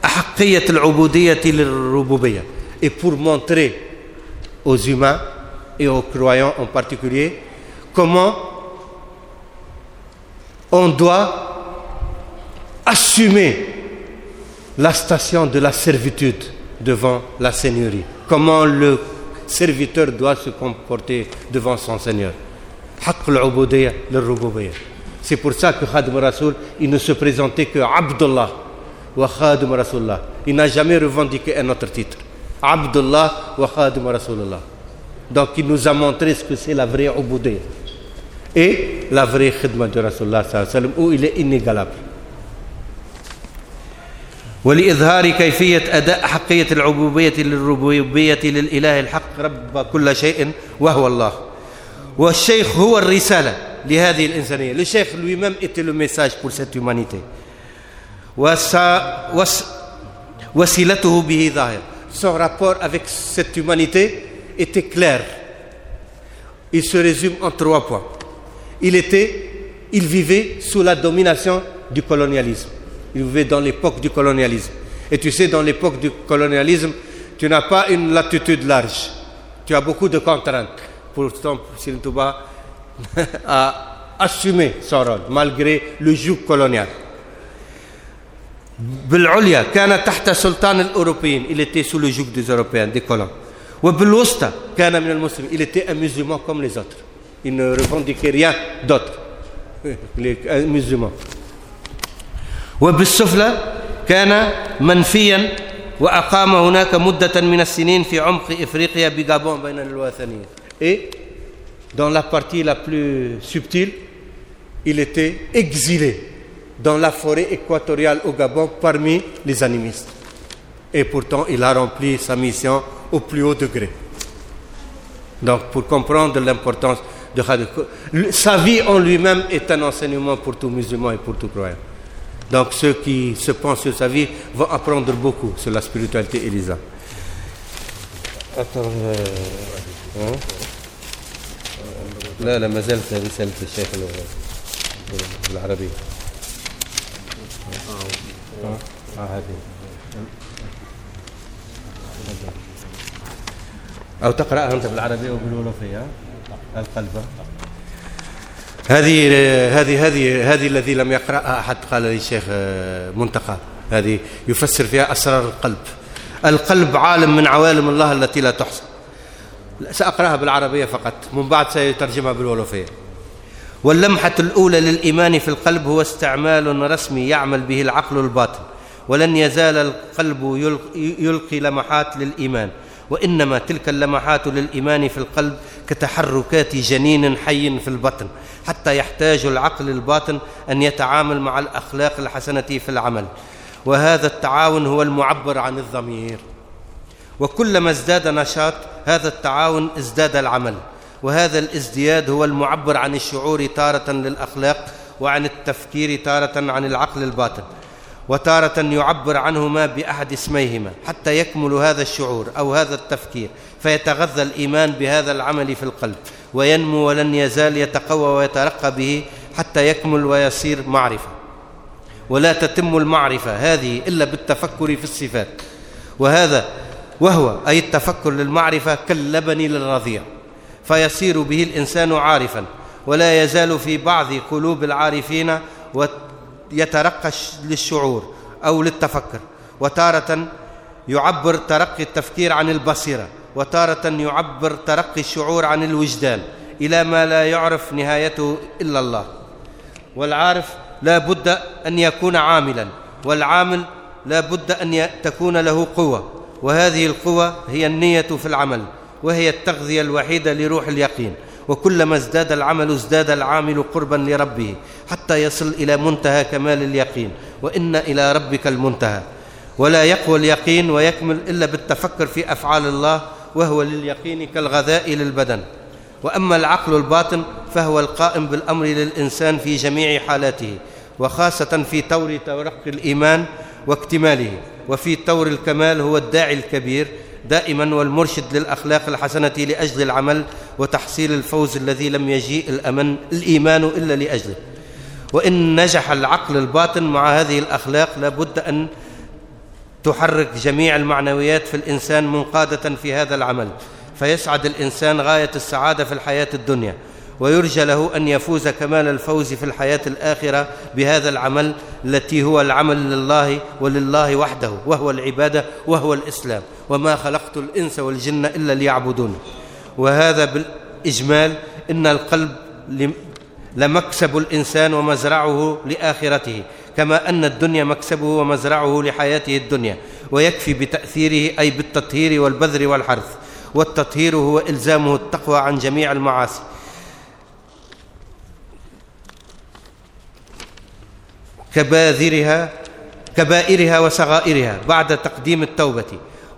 ahaqiyat al ubudiyyah lir rububiyyah et pour montrer aux humains et aux croyants en particulier comment on doit assumer la station de la servitude devant la Seigneurie. Comment le serviteur doit se comporter devant son Seigneur. C'est pour ça que Khadim Rasoul, il ne se présentait que Abdullah wa Khadim Rasulullah. Il n'a jamais revendiqué un autre titre. Abdullah wa Khadim Rasulullah. Donc il nous a montré ce que c'est la vraie Ubudiyya et la vraie Khidma de Rasulullah où il est inégalable. ولإظهار كيفية أداء حقية العبوبية للربوبية للإله الحق رب كل شيء وهو الله والشيخ هو الرسالة لهذه الإنسانية le chef lui-même était le message pour cette humanité وصلته به ظاهر son rapport avec cette humanité était clair il se résume en trois points il était il vivait sous la domination du colonialisme ils vivaient dans l'époque du colonialisme. Et tu sais, dans l'époque du colonialisme, tu n'as pas une latitude large. Tu as beaucoup de contraintes. Pourtant, Sirin Touba (laughs) a assumé son rôle, malgré le joug colonial. بالعليا كان تحت سلطان الأوروبيين il était sous le joug des Européens des colons وبالوسطى كان من المسلمين il était un musulman comme les autres il ne revendiquait rien d'autre (laughs) les musulmans wa bisufla kaana manfiyan wa aqaama hunaka muddatan min as-sinin fi umqi ifriqiya bi Gabon bayna al-wathaniya et dans la partie la plus subtile il était exilé dans la forêt équatoriale au Gabon parmi les animistes et pourtant il a rempli sa mission au plus haut degré donc pour comprendre l'importance de sa vie en lui-même est un enseignement pour tout musulman et pour tout croyant Donc ceux qui se pensent sur sa vie vont apprendre beaucoup sur la spiritualité Elisa. Attends, لا لا ما زالت رسالة الشيخ بالعربية. هذه. أو تقرأها هذه هذه هذه هذه الذي لم يقرأها أحد قال لي شيخ منتقى هذه يفسر فيها أسرار القلب القلب عالم من عوالم الله التي لا تحصى سأقرأها بالعربية فقط من بعد سيترجمها بالولوفية واللمحة الأولى للإيمان في القلب هو استعمال رسمي يعمل به العقل الباطن ولن يزال القلب يلقي لمحات للإيمان وإنما تلك اللمحات للإيمان في القلب كتحركات جنين حي في البطن حتى يحتاج العقل الباطن أن يتعامل مع الأخلاق الحسنة في العمل وهذا التعاون هو المعبر عن الضمير وكلما ازداد نشاط هذا التعاون ازداد العمل وهذا الازدياد هو المعبر عن الشعور تارة للأخلاق وعن التفكير تارة عن العقل الباطن وتارة يعبر عنهما بأحد اسميهما حتى يكمل هذا الشعور أو هذا التفكير فيتغذى الإيمان بهذا العمل في القلب وينمو ولن يزال يتقوى ويترقى به حتى يكمل ويصير معرفة ولا تتم المعرفة هذه إلا بالتفكر في الصفات وهذا وهو أي التفكر للمعرفة كاللبن للرضيع فيصير به الإنسان عارفا ولا يزال في بعض قلوب العارفين يترقى للشعور أو للتفكر وتارة يعبر ترقي التفكير عن البصيرة وتارة يعبر ترقي الشعور عن الوجدان إلى ما لا يعرف نهايته إلا الله والعارف لا بد أن يكون عاملا والعامل لا بد أن تكون له قوة وهذه القوة هي النية في العمل وهي التغذية الوحيدة لروح اليقين وكلما ازداد العمل ازداد العامل قربا لربه حتى يصل إلى منتهى كمال اليقين وإن إلى ربك المنتهى ولا يقوى اليقين ويكمل إلا بالتفكر في أفعال الله وهو لليقين كالغذاء للبدن وأما العقل الباطن فهو القائم بالأمر للإنسان في جميع حالاته وخاصة في طور ترقي الإيمان واكتماله وفي طور الكمال هو الداعي الكبير دائما والمرشد للأخلاق الحسنة لأجل العمل وتحصيل الفوز الذي لم يجيء الأمن الإيمان إلا لأجله وإن نجح العقل الباطن مع هذه الأخلاق لابد أن تحرك جميع المعنويات في الإنسان منقادة في هذا العمل فيسعد الإنسان غاية السعادة في الحياة الدنيا ويرجى له أن يفوز كمال الفوز في الحياة الآخرة بهذا العمل التي هو العمل لله ولله وحده وهو العبادة وهو الإسلام وما خلقت الإنس والجن إلا ليعبدون وهذا بالإجمال إن القلب لمكسب الإنسان ومزرعه لآخرته كما أن الدنيا مكسبه ومزرعه لحياته الدنيا ويكفي بتأثيره أي بالتطهير والبذر والحرث والتطهير هو إلزامه التقوى عن جميع المعاصي كباذرها كبائرها وصغائرها بعد تقديم التوبة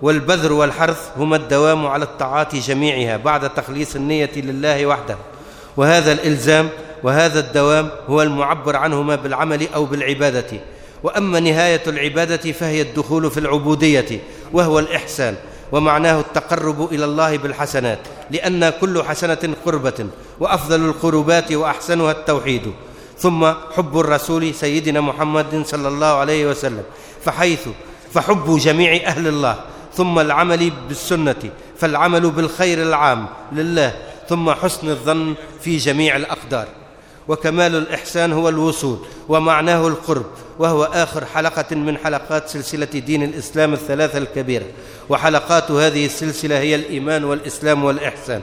والبذر والحرث هما الدوام على الطاعات جميعها بعد تخليص النية لله وحده وهذا الإلزام وهذا الدوام هو المعبر عنهما بالعمل أو بالعبادة وأما نهاية العبادة فهي الدخول في العبودية وهو الإحسان ومعناه التقرب إلى الله بالحسنات لأن كل حسنة قربة وأفضل القربات وأحسنها التوحيد ثم حب الرسول سيدنا محمد صلى الله عليه وسلم فحيث فحب جميع أهل الله ثم العمل بالسنة فالعمل بالخير العام لله ثم حسن الظن في جميع الأقدار وكمال الإحسان هو الوصول ومعناه القرب وهو آخر حلقة من حلقات سلسلة دين الإسلام الثلاثة الكبيرة وحلقات هذه السلسلة هي الإيمان والإسلام والإحسان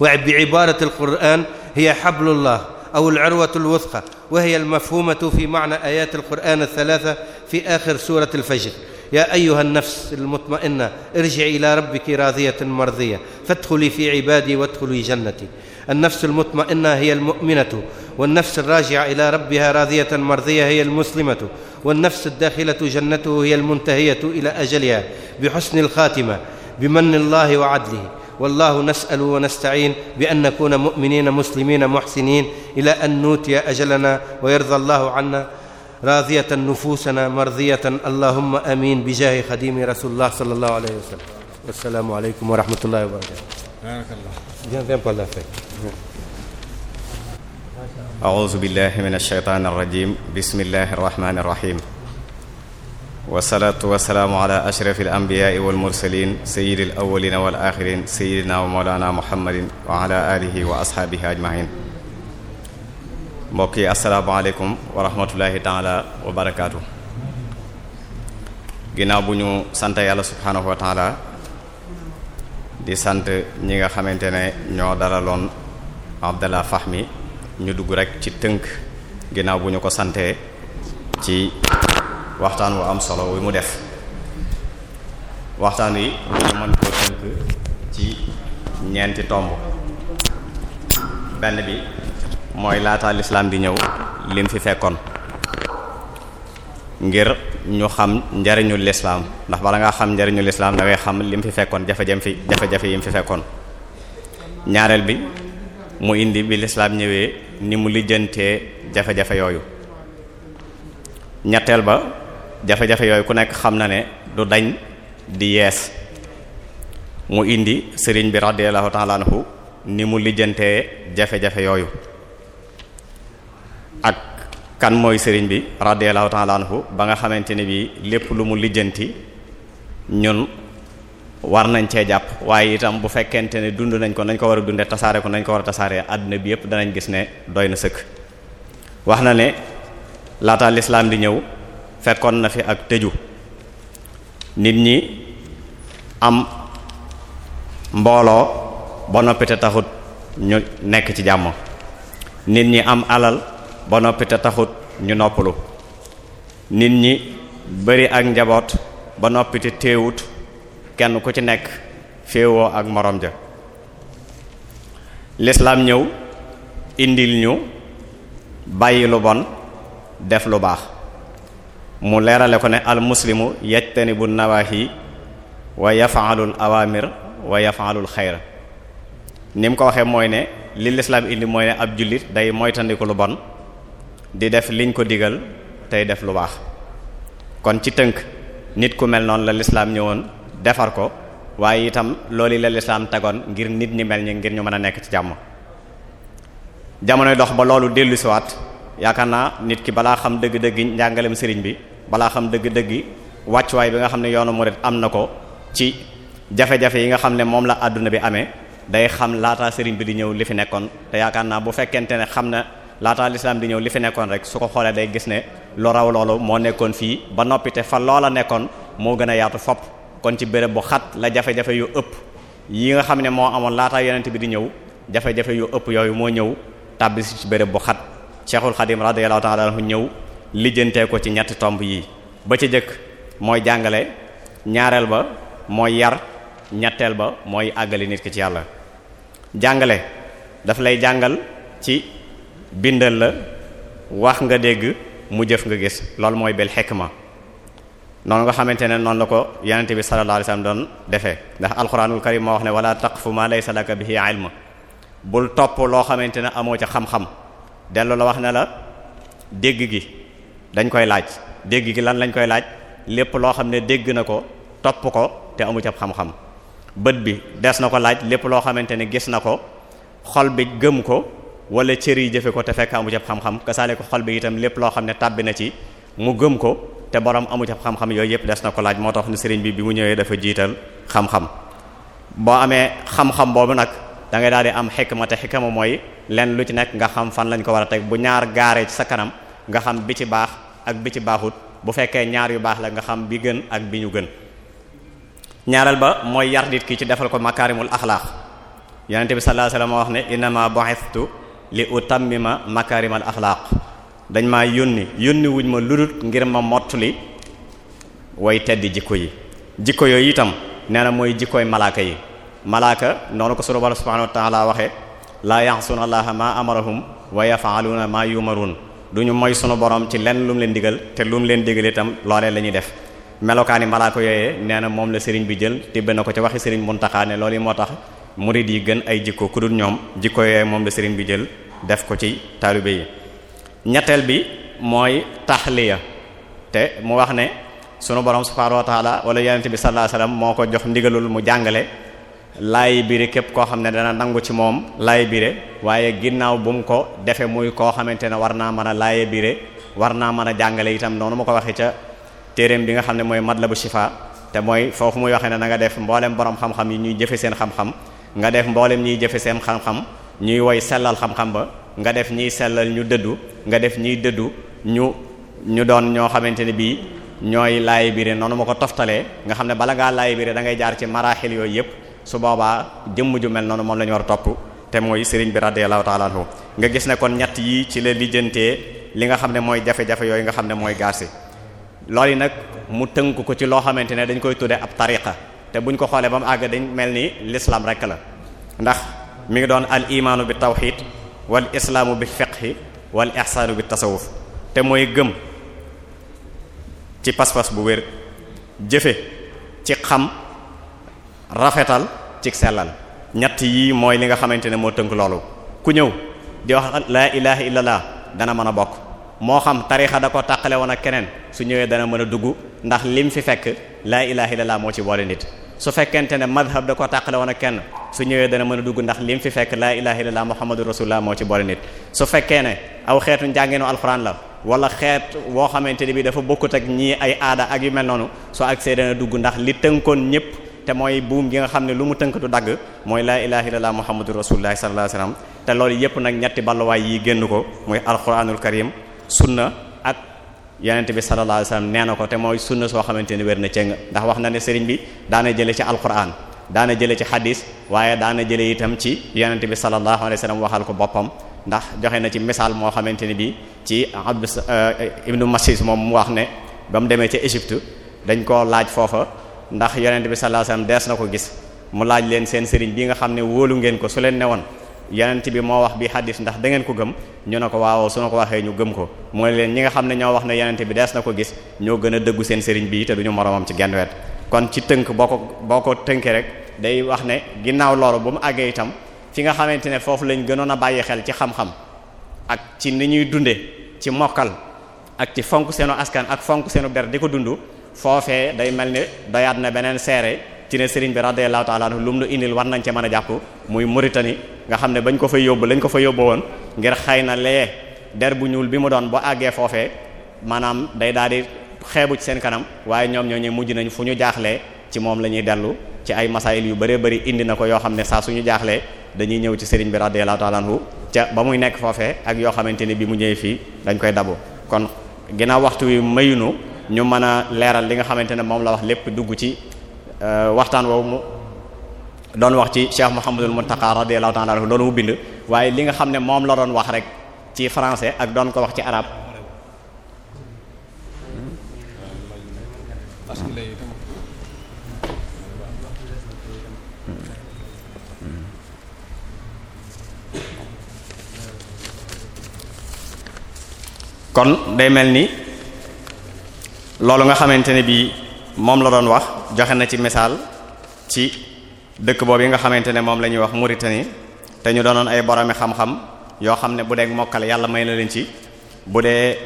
وبعبارة القرآن هي حبل الله أو العروة الوثقى وهي المفهومة في معنى آيات القرآن الثلاثة في آخر سورة الفجر يا أيها النفس المطمئنة ارجعي إلى ربك راضية مرضية فادخلي في عبادي وادخلي جنتي النفس المطمئنة هي المؤمنة والنفس الراجعة إلى ربها راضية مرضية هي المسلمة والنفس الداخلة جنته هي المنتهية إلى أجلها بحسن الخاتمة بمن الله وعدله والله نسأل ونستعين بأن نكون مؤمنين مسلمين محسنين إلى أن نوتي أجلنا ويرضى الله عنا راضية نفوسنا مرضية اللهم أمين بجاه خديم رسول الله صلى الله عليه وسلم والسلام عليكم ورحمة الله وبركاته بارك الله viens viens par là fekk أعوذ بالله من الشيطان الرجيم بسم الله الرحمن الرحيم wasalaatu wasalaamu ala ashraf al anbiyaai walmursalin sayidi al awalina wal axirin sayidina wa mawlana muhammadin wa ala alihi wa ashaabihi ajmain mbokk yi asalaamaaleykum wa rahmatullahi taala wa barakaatu ginnaaw bu ñu sant yàlla subhaanahu wa taala di sant ñi nga xamante ne ñoo daraloon abdallah fahmi ñu dugg rekk ci tënk ginnaaw bu ñu ko santee ci waxtaan wu am solo wi mu def waxtaan wi ñu mën ko tënk ci ñeenti tomb benn bi mooy laata lislaam di ñëw lim fi fekkoon ngir ñu xam njariñu lislaam ndax bala ngaa xam njariñu lislaam da ngay xam lim fi fekkoon jafe-jafe fi jafe-jafe yim fi fekkoon ñaareel bi mu indi bi lislaam ñëwee ni mu lijjantee jafe-jafe yooyu ñetteel ba jafe-jafe yooyu ku nekk xam na ne du dañ di yees mu indi sëriñ bi radiyallahu na anhu ni mu lijjantee jafe-jafe yooyu ak kan mooy sëriñ bi radiyallahu ta'ala anhu ba nga xamante ne bii lépp lu mu lijjanti ñun war nañ cee jàpp waaye itam bu fekkente ne dund nañ ko nañ ko war a dunde tasaare ko nañ ko war a tasaare àddina bi yépp danañ gis ne doy na sëkk wax na ne laata lislaam di ñëw fekkoon na fi ak tëju nit ñi am mbooloo ba noppi te taxut ñu nekk ci jàmm nit ñi am alal ba noppi te taxut ñu noppalu nit ñi bari ak njaboot ba noppi te teewut kenn ku ci nekk féewoo ak morom ja lislaam ñëw indil ñu bàyyi lu bon def lu baax mu leerale ko ne al muslimu yajtanibu nawahi wa yafaalul awamir wa yafaalul xayra ni mu ko waxee mooy ne li lislaam indi mooy ne ab jullit day moytandiku lu bon di def liñ ko digal tey def lu baax kon ci tënk nit ku mel noonu la lislaam ñëwoon defar ko waaye itam loolu la lislaam tegoon ngir nit ñi mel ñi ngir ñu mën a nekk ci jàmm jamonoy dox ba loolu dellusiwaat yaakaar naa nit ki balaa xam dëgg-dëgg njàngalem sëriñ bi balaa xam dëgg-dëgg wàccuwaay bi nga xam ne yoonu murid am na ko ci jafe yi nga xam ne moom la àdduna bi amee day xam laataa sëriñ bi di ñëw li fi nekkoon te yaakaar naa bu fekkente ne xam na laataa lislaam di ñëw li fi nekkoon rek su ko xoolee day gis ne lu raw moo nekkoon fii ba noppi te fa loola nekkoon moo gën a yaatu fopp kon ci béréb bu xat la jafe-jafe ëpp yi nga xam ne moo amoon laataa yonent bi di ñëw jafe-jafe yu ëpp yooyu moo ñëw tàbbi ci béréb bu xat cheikhul xadim radiyallahu ta'ala anhu ñëw lijjantee ko ci ñetti tomb yi ba ci jëkk mooy jàngale ñaareel ba mooy yar ñetteel ba mooy àggali nit ki ci yàlla jàngale daf lay jàngal ci bindal la wax nga dégg mu jëf nga gis loolu mooy bel ma noonu nga xamante ne noonu la ko yonente bi sallallahu alayhi wasallam doon defee ndax alquranul karim moo wax ne wala taqfu ma laysa bi bihi ma bul topp loo xamante ne amoo ca xam-xam dellu la wax ne la dégg gi dañ koy laaj dégg gi lan lañ koy laaj lépp loo xam ne dégg na ko topp ko te amu ca xam-xam bët bi des na ko laaj lépp loo xamante ne gis na ko xol bi gëm ko wala cër yi jëfe ko te fekk amu ca xam-xam kasaale ko xol bi itam lépp loo xam ne tàbbi na ci mu gëm ko te boroom amu ca xam-xam yooyu yëpp des na ko laaj moo tax ne sëriñ bi bi mu ñëwee dafa jiital xam-xam boo amee xam-xam boobu nag. da ngay daal di am xikma te xikma mooy lenn lu ci nekk nga xam fan lañ ko war a teg bu ñaar gaaree ci sa kanam nga xam bi ci baax ak bi ci baaxut bu fekkee ñaar yu baax la nga xam bi gën ak bi ñu gën ñaareel ba mooy yar nit ki ci defal ko makaarimul axlaaq yonente bi sallallahu alayhi wasallam wax ne innama bu'ithtu li utammima makaarimal axlaaq dañ ma yónni yónni wuñ ma ludut ngir ma mottuli way tedd jikko yi jikko yooyu itam nee na mooy jikkooy malaaka yi malaaka noonu ko sunu borom subhanahu wa ta'ala waxee laa ya'suna allaha ma amarahum wa yaf'aluna ma yumarun duñu moy sunu borom ci lenn lu mu leen digal te lu mu leen digal itam loolee la ñuy def melokaani malaaka yooyee nee na moom la sëriñ bi jël tibbe na ko ci waxi sëriñ Muntaxa ne loolu moo tax murid yi gën ay jikko ku dul ñoom jikko yooyee moom la sëriñ bi jël def ko ci taalibe yi ñetteel bi mooy taxliya te mu wax ne sunu borom subhanahu wa wala yonent bi sallallahu alayhi moo ko jox ndigalul mu jàngale laay bire képp koo xam ne dana nangu ci moom laay bire waaye ginnaaw bu mu ko defee muy koo xamante ne war naa mën a laaye biire war naa mën a jàngale itam noonu ma ko waxee ca téereem bi nga xam ne mooy mat la Madlabu Shifa te mooy foofu muy waxee ne na nga def mboolem boroom xam-xam yi ñuy jëfe seen xam-xam nga def mboolem ñiy jëfe seen xam-xam ñuy woy sellal xam-xam ba nga def ñiy sellal ñu dëddu nga def ñiy dëddu ñu ñu doon ñoo xamante ne bii ñooy laay bire noonu ma ko toftalee nga xam ne bala ngaa laay bire da ngay jaar ci maraaxil yooyu yëpp su boobaa jëmm ju mel noonu moom la ñu war a topp te mooy sëriñ bi radiyallahu ta'ala anhu nga gis ne kon ñett yi ci la lijjantee li nga xam ne mooy jafe-jafe yooyu nga xam ne mooy gaasi loolu yi nag mu tënk ko ci loo xamante ne dañ koy tuddee ab tariqa te bu buñ ko xoolee ba mu àgg dañ mel ni l'islam rek la ndax mu ngi doon al imaanu bi tawxid wal islaamu bi fiqhi wal ihsaanu bi tasawuf te mooy gëm ci pas-pas bu wér jëfe ci xam rafetal cig sellal ñett yii mooy li nga xamante ne moo tënk loolu ku ñëw di wax laa ilaha illallah dana mën a bokk moo xam tarixa da ko tàqale woon a keneen su ñëwee dana mën a dugg ndax li mu fi fekk laa ilaha illallah moo ci boole nit su fekkente ne madhab da ko tàqale woon ak kenn su ñëwee dana mën a dugg ndax lim fi fekk laa ilaha illallah muhammadu rasulullah moo ci boole nit su fekkee ne aw xeetu njàngeenu alxuraan la wala xeet woo xamante ne bi dafa bokkut ak ñii ay aada ak yu mel noonu soo agsee dana dugg ndax li tënkoon ñépp te mooy buum gi nga xam ne lu mu tënk du dagg mooy laa ilaha illallah muhammadu rasulullahi sallallahu alayhi wasallam te loolu yépp nag ñetti balluwaay yi génn ko mooy alquranul karim sunna ak yonent bi sallallahu alayhi wasallam nee na ko te mooy sunna soo xamante ni wér na cëng ndax wax na ne sëriñ bi daana jële ci alquran daana jële ci xadis waaye daana jële itam ci yonent bi sallallahu alayhi wasallam waxal ko boppam ndax joxe na ci misaal moo xamante ni bi ci abdu eh, ibnu masis moom mu wax ne ba demee ca Égypte dañ koo laaj foofa ndax yonent bi sallallahu alayhi dees na ko gis mu laaj leen seen sëriñ bi nga xam ne wóolu ngeen ko su leen woon yonent bi moo wax bi xadis ndax da ngeen ko gëm ñu ne ko waaw su na ko waxee ñu gëm ko mooy leen ñi nga xam ne ñoo wax ne yonent bi dees na ko gis ñoo gën a dëggu seen sëriñ bii te ñu moroomam ci genn wet kon ci tënk boo ko boo ko tënkee rek day wax ne ginnaaw loolu bu mu àggee itam fi nga xamante ne foofu lañ gënoon a bàyyi xel ci xam ak ci ni ñuy dunde ci mokkal ak ci fonk seenu askan ak fonk seenu der di ko dund foofee day mel ni doyaat na beneen seere ci ne sëriñ bi radiyallahu ta'ala anhu lum nu indil war nañ ci mën a jàpp muy Mauritanie nga xam ne bañ ko fa yóbbu lañ ko fa yóbbu woon ngir xay na lee der bu ñuul bi mu doon bu àggee foofee maanaam day daal di xeebu ci seen kanam waaye ñoom ñoo ñu mujj nañ fu ñu jaaxlee ci moom lañuy dellu ci ay masaayil yu bëree bëri indi na ko yoo xam ne saa suñu jaaxlee dañuy ñëw ci sëriñ bi radiyallahu ta'ala anhu ca ba muy nekk foofee ak yoo xamante ni bi mu ñëwee fii dañ koy dabo kon ñu mën a leeral li nga xamante ne moom la wax lépp dugg ci euh, waxtaan woowu mu doon wax ci Cheikh Mouhamadul Mountakha radiyallahu ta'ala anhu loolu mu bind waaye li nga xam ne moom la doon wax rek ci français ak doon ko wax ci arabe. kon day mel ni. loolu nga xamante ne bii moom la doon wax joxe na ci misaal ci dëkk boobu yi nga xamante ne moom la ñuy wax Mauritanie te ñu doonoon ay boromi xam-xam yoo xam ne bu dee mokkal yàlla may na leen ci bu dee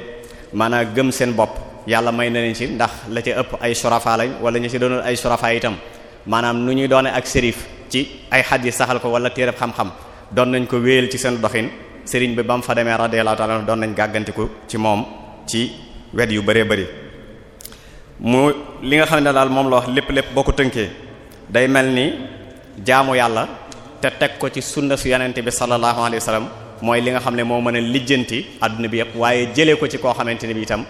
maanaam gëm seen bopp yàlla may na leen ci ndax la ca ëpp ay surafa lañ wala ñu ci doonoon ay surafa itam maanaam nu ñuy doone ak sérif ci ay xadis saxal ko wala téereb xam-xam doon nañ ko wéyal ci seen doxin sëriñ bi ba mu fa demee radiyallahu ta'ala doon nañ gàggantiku ci moom ci wet yu bëree bëri mu li nga xam ne daal moom la wax lépp lépp boo ko tënkee day mel ni jaamu yàlla te teg ko ci sunna su yonent bi sallallahu alayhi wasallam mooy li nga xam ne moo mën a lijjanti adduna bi yëpp waaye jëlee ko ci koo xamante ne bi itam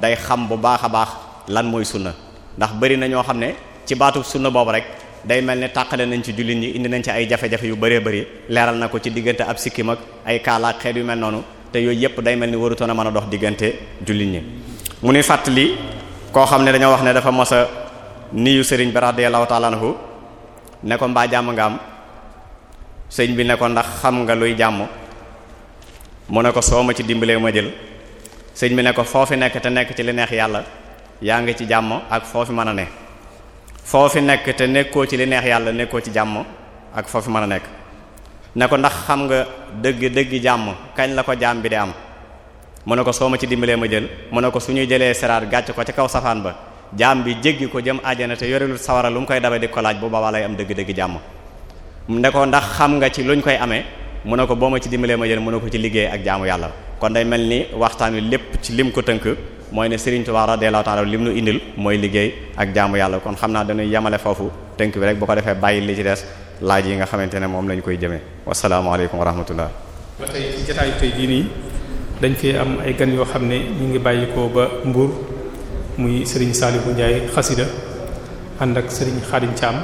day xam bu baax a baax lan mooy sunna ndax bëri na ñoo xam ne ci baatub sunna boobu rek day mel ni tàqale nañ ci jullit ñi indi nañ ci ay jafe-jafe yu bëree bëri leeral na ko ci diggante ab sikkim ak ay kaalaak xeet yu mel noonu te yooyu yëpp day mel ni warutoon a mën a dox diggante jullit ñi koo xam ne dañoo wax ne dafa mosa a niyu sëriñ bi radiyallahu ta'ala anhu ne ko mbaa jàmm nga am sëñ bi ne ko ndax xam nga luy jàmm mu ne ko soow ma ci dimbalee ma jël sëñ bi ne ko foofi nekk te nekk ci li neex yàlla yaa ngi ci jàmm ak foofi mën a ne foofi nekk nekkoo ci li neex yàlla nekkoo ci jàmm ak foofi mën a nekk ne ko ndax xam nga dëgg dëgg jàmm kañ la ko jàmm bi di am mu ne ko soo ma ci dimbalee ma jël mu ne ko suñuy jëlee siraat gàcc ko ca kaw safaan ba jaam bi jéggi ko jëm àjjana te yorelu sawara lu mu koy dabe di ko laaj bu boobaa lay am dëgg-dëgg jàmm ne ko ndax xam nga ci lu ñu koy amee mu ne ko boo ma ci dimbalee ma jël mu ne ko ci liggéey ak jaamu yàlla kon day mel ni waxtaan wi lépp ci lim ko tënk mooy ne Serigne Touba radiyallahu ta'ala lim nu indil mooy liggéey ak jaamu yàlla kon xam naa dañuy yemale foofu tënk bi rek boo ko defee bàyyi li ci des laaj yi nga xamante ne moom lañu koy jëmee wasalaamaaleykum wa rahmatullah dañ fee am ay gan yoo xam ne ñu ngi bàyyikoo ba Mbour muy Serigne Saliou njaay xasida ànd ak Serigne Khadim Thiam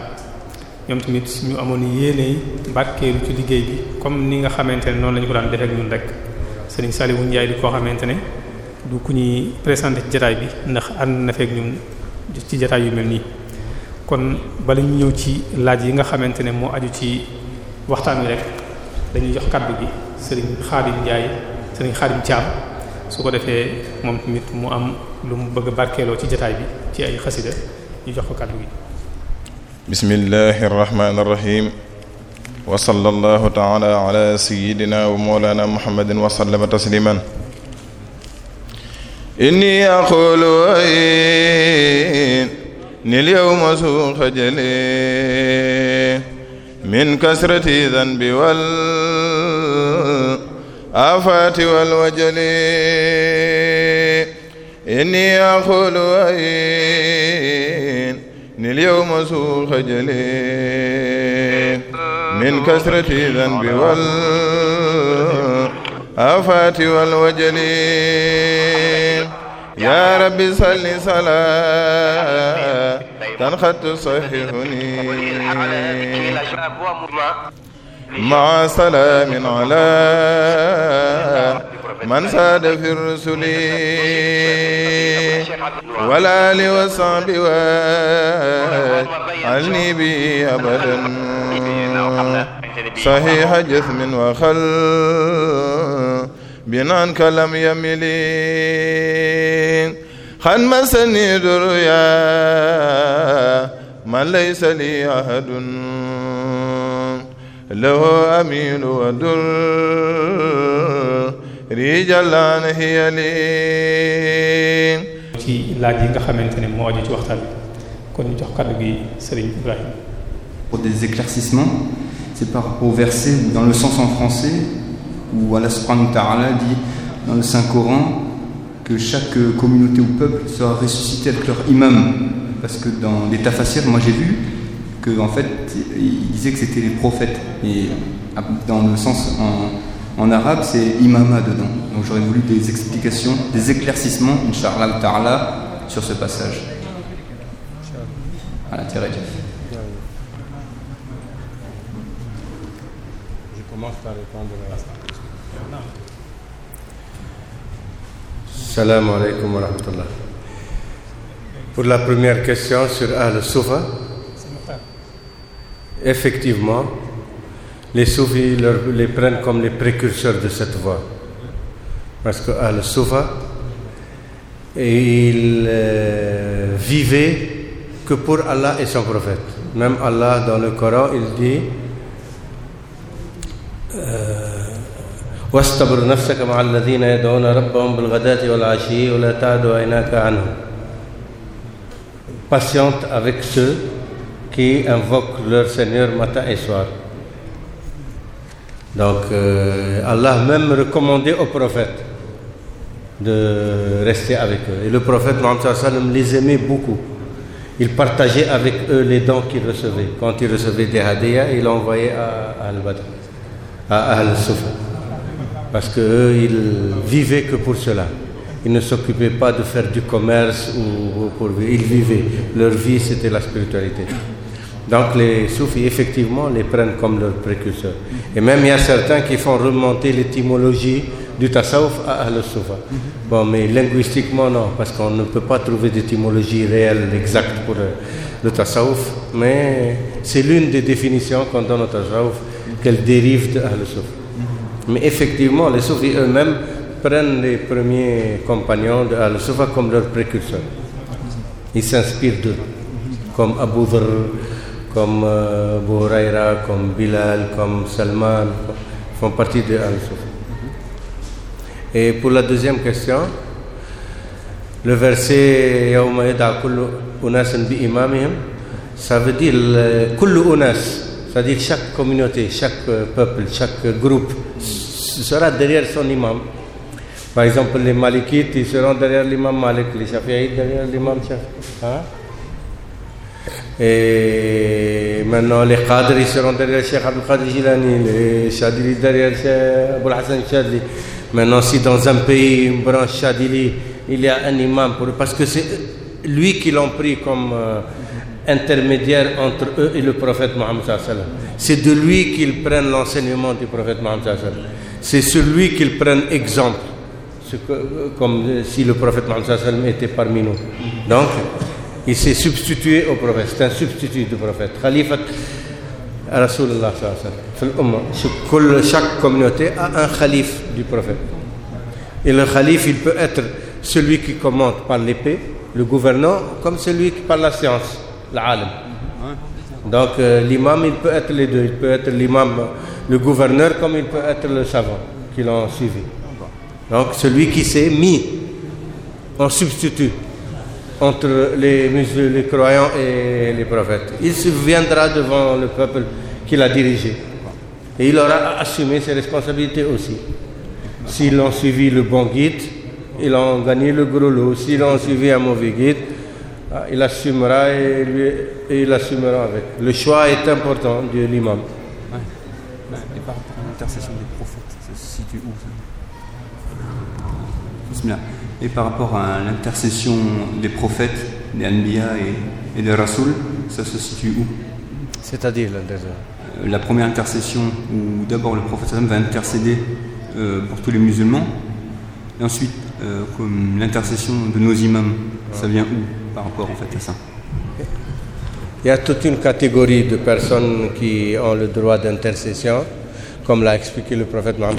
ñoom tamit ñu amoon yéene barkeelu ci liggéey bi comme ni nga xamante ne noonu la ko daan defee ak ñun rek Serigne Saliou Ndiaye di koo xamante ne du ku ñuy présente ci jotaay bi ndax ànd na feek ñun ci jotaay yu mel nii. kon bala ñu ñëw ci laaj yi nga xamante ne moo aju ci waxtaan wi rek dañuy jox kàddu gi sëriñ Khadim Ndiaye. sëriñ Xarim Thiam su ko defee moom tamit mu am lu mu bëgg a barkeeloo ci jotaay bi ci ay xasida ñu jox ko kàddu gi bismillahi rahmaani rahim wa sallallahu taala ala sayidina wa mawlana muhammadin wa sallama tasliman inni aqulu nil yawma su xajali min kasrati dhanbi wal الآفات والوجل إني أقول إني اليوم سوء خجلي من كثرة ذنب والآفات والوجل يا رب صل صلاة تنخت تصححني ma salaamin ala man saada fi rusuli wala li wa sahbi wa alni bi abadan sahiha jasmin wa xal binaan kalam yamili xan ma sani duruya man laysa li ahadun له أميل ودر رجلان هي لي ci laaj yi nga xamante ne moo aju ci waxtaan bi kon jox kàddu gi Serigne Ibrahima. pour des éclaircissements c'est par rapport au dans le sens en français où Allah subhanahu wa ta'ala dit dans le Saint-Coran que chaque communauté ou peuple sera ressuscité avec leur imam parce que dans des tafassirs moi j'ai vu que en fait, il disait que c'était les prophètes. Ah, dans le sens en, arabe, c'est imama dedans. Donc j'aurais voulu des explications, des éclaircissements, inshallah ta'ala, sur ce passage. À l'intérêt de Je commence par répondre la première question sur Al-Soufa, effectivement, les soufis leur, les prennent comme les précurseurs de cette voie. Parce que Al-Soufa, ah, il euh, vivait que pour Allah et son prophète. Même Allah, dans le Coran, il dit واصطبر نفسك مع الذين يدعون ربهم بالغداة والعشي ولا تعد عيناك عنهم patiente avec ceux qui invoquent leur Seigneur matin et soir. Donc euh, Allah même recommandait aux prophètes de rester avec eux. Et le prophète Mohammed les aimait beaucoup. Il partageait avec eux les dons qu'il recevait. Quand il recevait des hadiyas, il envoyait à, à Al-Badr, à Al-Sufa. Parce qu'eux, ils vivaient que pour cela. Ils ne s'occupaient pas de faire du commerce ou, ou pour Ils vivaient. Leur vie, c'était la spiritualité. Donc les soufis, effectivement, les prennent comme leurs précurseurs. Et même il y a certains qui font remonter l'étymologie du tasawuf à al mais linguistiquement, non, parce qu'on ne peut pas trouver d'étymologie réelle, exacte pour euh, le tasawuf. Mais c'est l'une des définitions qu'on donne au tasawuf, qu'elle dérive de al Mais effectivement, les soufis premiers compagnons de al soufa comme leurs précurseurs. Ils s'inspirent d'eux, comme Abu comme euh, Bouraira, comme Bilal, comme Salman font partie de al mhm. pour la deuxième question, le verset yawma yad'a kullu unasin bi imamihim, ça veut dire euh, kullu chaque communauté, chaque euh, peuple, chaque groupe sera derrière son imam. Par exemple, les Malikites, ils seront derrière l'imam Malik, les Shafi'ites derrière l'imam Shafi'i. Et eh, maintenant les Qadris seront derrière Cheikh Abdel Qadir Jilani, les eh, Chadili derrière Cheikh Abou Hassan Chadili. si dans un pays, une branche Chadili, il imam parce que c'est lui qui l'ont pris comme euh, intermédiaire entre eux et le prophète Mohammed sallallahu alayhi C'est de lui qu'ils prennent l'enseignement du prophète Mohammed sallallahu alayhi wa sallam. exemple, que, euh, comme euh, si le prophète Mohammed sallallahu alayhi était parmi nous. Donc Il s'est substitué au prophète, c'est un substitut du prophète. Khalifat Rasulullah chaque communauté a un khalif du prophète. Et le khalif, il peut être celui qui commande par l'épée, le gouvernant, comme celui qui par la science, l'alim. Donc euh, l'imam, il peut être les deux. Il peut être l'imam, le gouverneur, comme il peut être le savant qui l'ont suivi. Donc celui qui s'est mis en substitut entre les musulmans, les croyants et les prophètes. Il se viendra devant le peuple qu'il a dirigé. Et il aura assumé ses responsabilités aussi. S'ils ont suivi le bon guide, ils ont gagné le gros lot. S'ils ont suivi un mauvais guide, ah, il assumera et, il assumera Le choix est important de l'imam. des prophètes, et par rapport à l'intercession des prophètes, des Anbiya et, et des Rasoul, ça situe où C'est-à-dire la, euh, la première intercession où d'abord le prophète va intercéder euh, pour tous les musulmans, et ensuite euh, comme de nos imams, ça vient où par rapport en fait à ça Il y a toute une catégorie de personnes qui ont le droit d'intercession, comme l'a expliqué le prophète Mohammed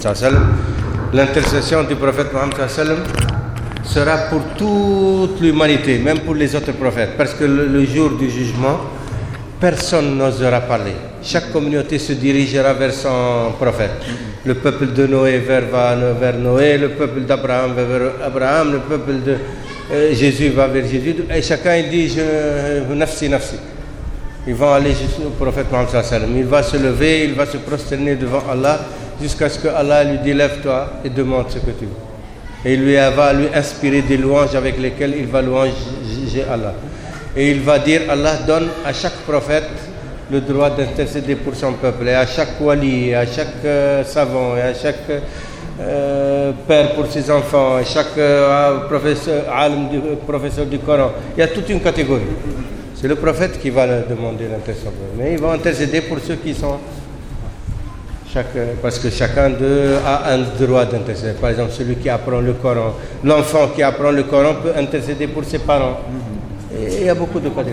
L'intercession du prophète Mohammed sera pour toute l'humanité, même pour les autres prophètes, parce que le, le jour du jugement, personne n'osera parler. Chaque communauté se dirigera vers son prophète. Le peuple de Noé vers, Noé, le peuple d'Abraham vers Abraham, le peuple de euh, Jésus va vers Jésus. Et chacun il dit euh, nafsi, nafsi. Ils vont aller jusqu'au prophète Mohammed. Il va se lever, il va se prosterner devant Allah jusqu'à ce que Allah lui délève toi et demande ce que tu veux. et il lui va lui inspirer des louanges avec lesquelles il va louanger Allah. Et il va dire Allah donne à chaque prophète le droit d'intercéder pour son peuple, et à chaque wali, et à chaque euh, et à chaque euh, père pour ses enfants, et chaque euh, professeur, alim toute une catégorie. C'est le prophète qui va demander l'intercession. pour ceux qui sont Chaque, parce que chacun d'eux a un droit d'intercéder. Par exemple, celui qui apprend le Coran, l'enfant qui apprend le Coran peut intercéder pour ses parents. Et il y a beaucoup de cas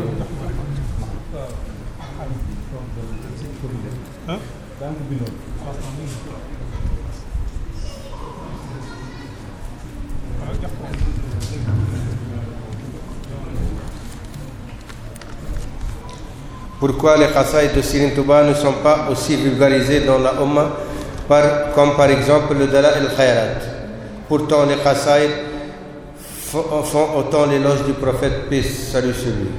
Pourquoi les Khasaïs de Sirin Touba ne sont pas aussi vulgarisés dans la Ummah comme par exemple le Dala El Khairat Pourtant, les Khasaïs font autant l'éloge du prophète, paix, salut sur lui.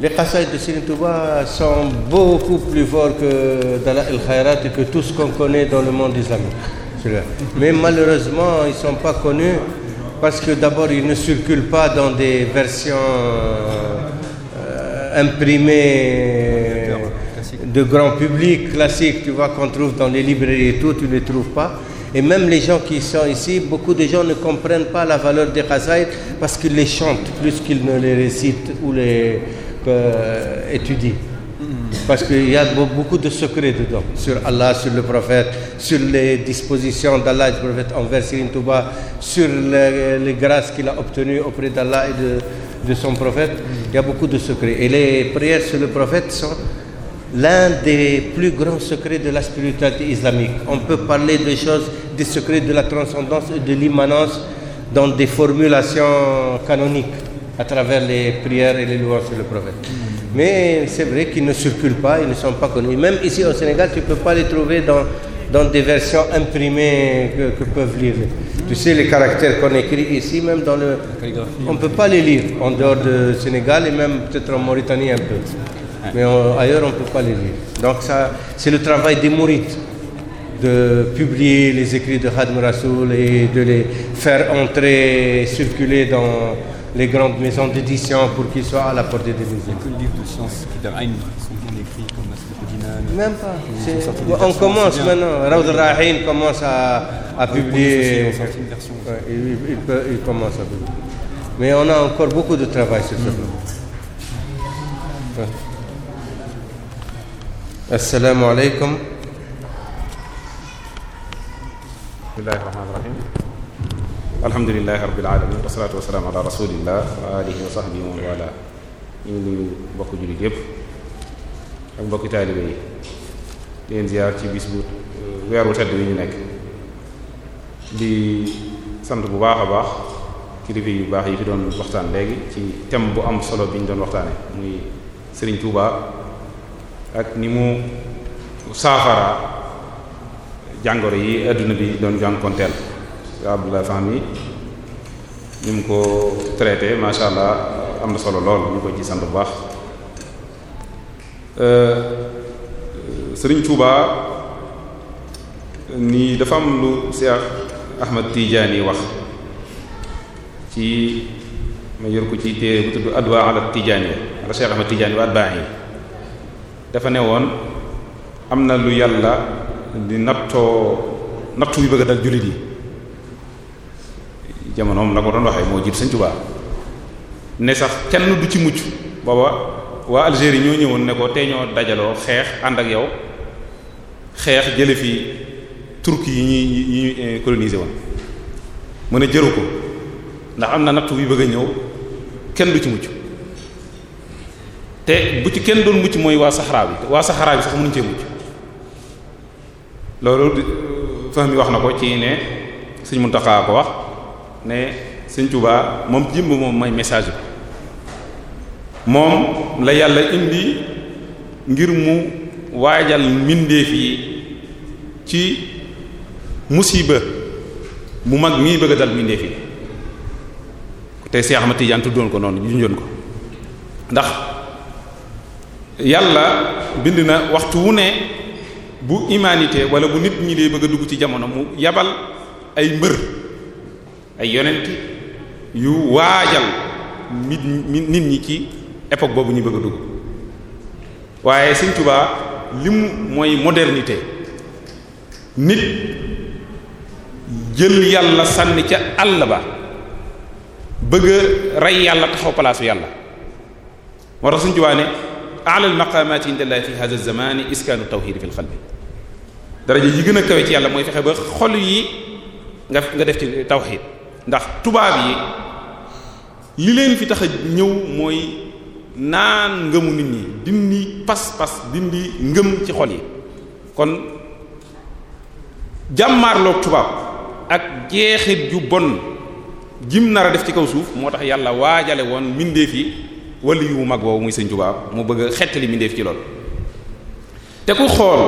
Les Khasaïs de Sirin Touba sont beaucoup plus forts que Dala El Khairat et que tout ce qu'on connaît dans le monde islamique. Mais malheureusement, ils ne sont pas connus parce que d'abord, ils ne circulent pas dans des versions euh, imprimés euh, de grand public, classique, tu vois, qu'on trouve dans les librairies tout, tu ne les trouves pas. Et même les gens qui sont ici, beaucoup de gens ne comprennent pas la valeur des Khazaïd parce qu'ils les chantent plus qu'ils ne les récitent ou les euh, étudient. Hmm. Parce qu'il a beaucoup de secrets dedans, le prophète, sur les dispositions d'Allah et du prophète envers Sirin Touba, sur les, les grâces qu'il a obtenues auprès d'Allah de son prophète, il beaucoup de secrets. Et les prières sur le prophète sont l'un des plus grands secrets de la spiritualité islamique. On peut parler des choses, des secrets de la transcendance et de l'immanence dans des formulations canoniques à travers les prières et les louanges sur le prophète. Mais c'est vrai qu'ils ne circulent pas, ils ne sont pas connus. Même ici au Sénégal, tu ne peux pas les trouver dans des versions imprimées que, que peuvent lire. Tu sais, les caractères qu'on écrit ici, même dans le. pas lire en dehors du Sénégal et même peut-être en Mauritanie un peut pas Donc, ça, le travail des Mourites de publier les écrits de Khadm Rasoul et de les faire entrer, circuler dans les grandes maisons d'édition pour qu'ils soient à la portée des musées. Il n'y a que le livre de science qui donne ah, écrit. Même pas. On commence maintenant. Raoud Rahim commence à, à publier. Aussi, on ouais, il, il, peut, il, commence à publier. Mais on a encore beaucoup de travail sur ce plan. Hmm. Ouais. Assalamu alaikum. alhamdulilahi rabbil alamin wasalaatu wasalaam ala rasulillah wa alihi wa sahbihi wa man wala ñu ngi nuyu mbokk jullit yépp ak mbokki taalibe yi leen ziar ci bis bu euh, weeru tedd wi ñu nekk di sant bu baax a baax kilifa yu baax yi fi doon waxtaan léegi ci thème bu am solo bi ñu doon waxtaane muy Serigne Touba ak ni mu saafara jàngoro yi àdduna bi doon jànkonteel Abdullah Fahmi ni mu ko traité macha allah am na solo lool ñu ko ji sant bu baax Euh, Sëriñ Tuuba nii dafa am lu Cheikh Ahmad Tijaani wax ci ma yor ko ci téere bu tudd adwa ala Tijaani ala dafa ne woon am na lu yàlla di nattoo nattu bi bëgg a dal jullit yi jamonoom la ko doon waxee moo jiit Sëriñ Tuuba ne sax kenn du ci mucc booba waa Algérie ñoo ñëwoon ne ko tey ñoo dajaloo xeex ànd ak yow xeex jële fi turki yi ñuy yi ñuy eh, coloniser woon mu ne jëru ko ndax am na nattu yu bëgg a ñëw kenn du ci mucc te bu ci kenn doon mucc mooy waa Saxara bi waa Saxara bi sax mënuñ cee mucc loolu Fahmi wax na ko ci ne Sëriñ Muntaxa ko wax ne Sëriñ Tuubaa moom jimb moom may message moom la yàlla indi ngir mu waajal mbindeef yi ci musiba mu mag mii bëgg a dal mbindeef yi tey Cheikh Ahmad Tidiane doon ko noonu junjoon ko ndax yàlla bind na waxtu wu ne bu humanité wala bu nit ñi dee bëgg a dugg ci jamono mu yabal ay mbër ay yonent yu waajal nit nit ñi ci époque boobu ñu bëgg a dugg waaye Sëriñ Tuubaa li mu mooy modernité nit jël yàlla sànni ca àll ba bëgg a rey yàlla taxaw palaasu yàlla moo tax Sëriñ Tuubaa alal maqaamaati indallahi fi hadha zamani iskaanu tawhid fi lxalbi daraja yi gën a kawe yàlla mooy fexe ba xol yi nga nga def ci tawhid ndax tubaab yi li leen fi tax ñëw mooy naan ngëmu nit ñi dindi pas-pas dindi ngëm ci xol yi kon jàmmaarloog tubaab ak jeexit ju bon jim nar def ci kaw suuf moo tax yàlla waajale woon mbindeef yi wala yu mag woowu muy sëñ tubaab mu bëgg a xettali mbindeef ci lool te ku xool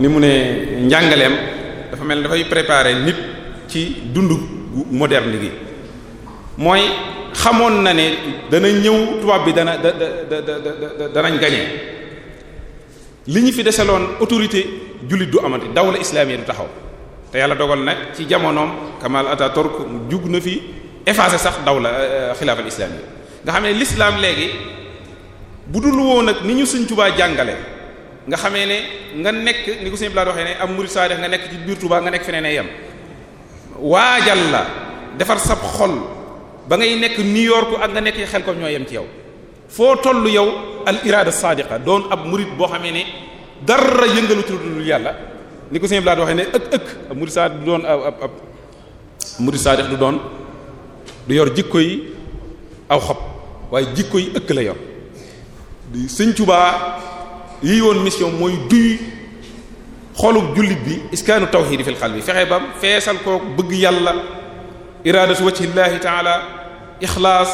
ni mu ne njàngaleem dafa mel dafay prépare nit ci dund moderne gi mooy xamoon na ne dana ñëw tubaab bi dana da da da danañ gañe li ñu fi deseloon autorité jullit du amati dawla islamiya du taxaw te yàlla dogal nag ci jamonoom Kamal mu jug na fi effacé sax dawla euh, xilaafal islamiya nga xam ne lislaam léegi bu dul woo nag ni ñu suñ tubaa jàngale nga xamee ne nga nekk ni ko sëñ Bala waxee ne am murid salih nga nekk ci biir tubaa nga nekk feneen ay yem waajal la defar sab xol ba ngay nekk New York ak nga nekk xel ko ñoo yem ci yow foo toll yow al irada sadiqa doon ab murid boo xamee ne dara yëngalu dul yàlla ni ko sëñ Blade waxee ne ëkk ëkk ab murid sadiq du doon du yor jikko yi aw xob waaye jikko yi ëkk la yor Sëñ Tuubaa yi woon mission mooy duy xolub jullit bi iskaanu tawxiidi fil xal bi fexe bam feesal koo bëgg yàlla iradatu wajhillahi taala ixlaas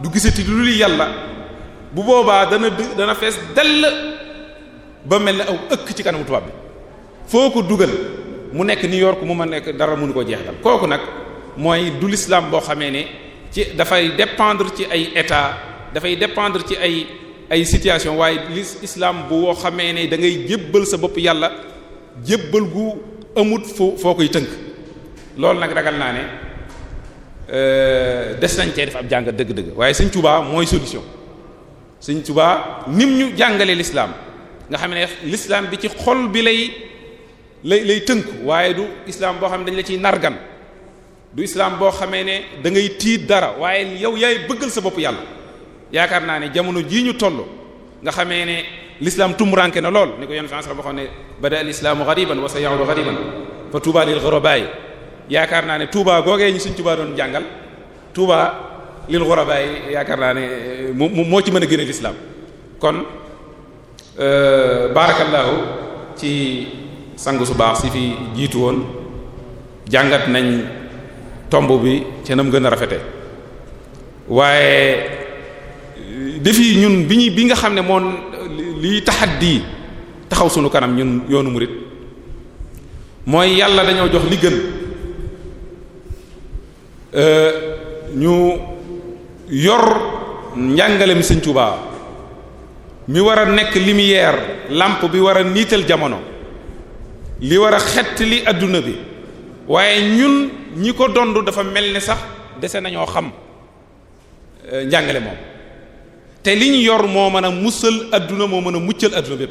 du gisati lu dul yàlla bu boobaa dana dana fees dell ba mel ne aw ëkk ci kanamu tubaab bi foo ko dugal mu nekk New York mu ma nekk dara mënu ko jeexal kooku nag mooy du lislaam boo xamee ne ci dafay dépendre ci ay état dafay dépendre ci ay ay situation waaye li islam bu woo xamee ne da ngay jébbal sa bopp yàlla jébbal gu amut foo foo koy tënk loolu nag ragal naa ne Euh, des nañ cee def ab jàngat dëgg-dëgg waaye sëñ Touba mooy solution sëñ Touba nim ñu jàngale lislaam nga xam ne l'islam bi ci xol bi lay lay tënk waaye du islam boo xam ne dañ la ciy nargan du islam boo xamee ne da ngay tiit dara waaye yow yaay bëggal sa bopp yàlla yaakaar naa ne jamono jii ñu toll nga xamee ne l'islam tumuranke na lool ni ko yon fiancara boo xam ne bada al islaamu ghariban wa sayaudu ghariban fa tuba lil ghurabaa yaakaar naa ne Touba googee ñu suñ Touba doon jàngal Touba lil ghuraba yi yaakaar naa ne eh, mu moo ci mën a gën a lislaam kon euh, barakallahu ci sangu su baax si fi jiitu woon jàngat nañ tomb bi ca nam gën a rafete waaye eh, defi ñun bi ñu bi nga xam ne moom liy taxaddi taxaw sunu kanam ñun yoonu murid mooy yàlla dañoo jox li gën Euh, ñu yor mi Sëriñ Tuubaa mi war a nekk lumière làmp bi war a niital jamono li war a xett li adduna bi waaye ñun ñi ko dond dafa mel ni sax dese nañoo xam euh, njàngale moom te li ñu yor moo mën a musal àdduna moo mën a muccal adduna bépp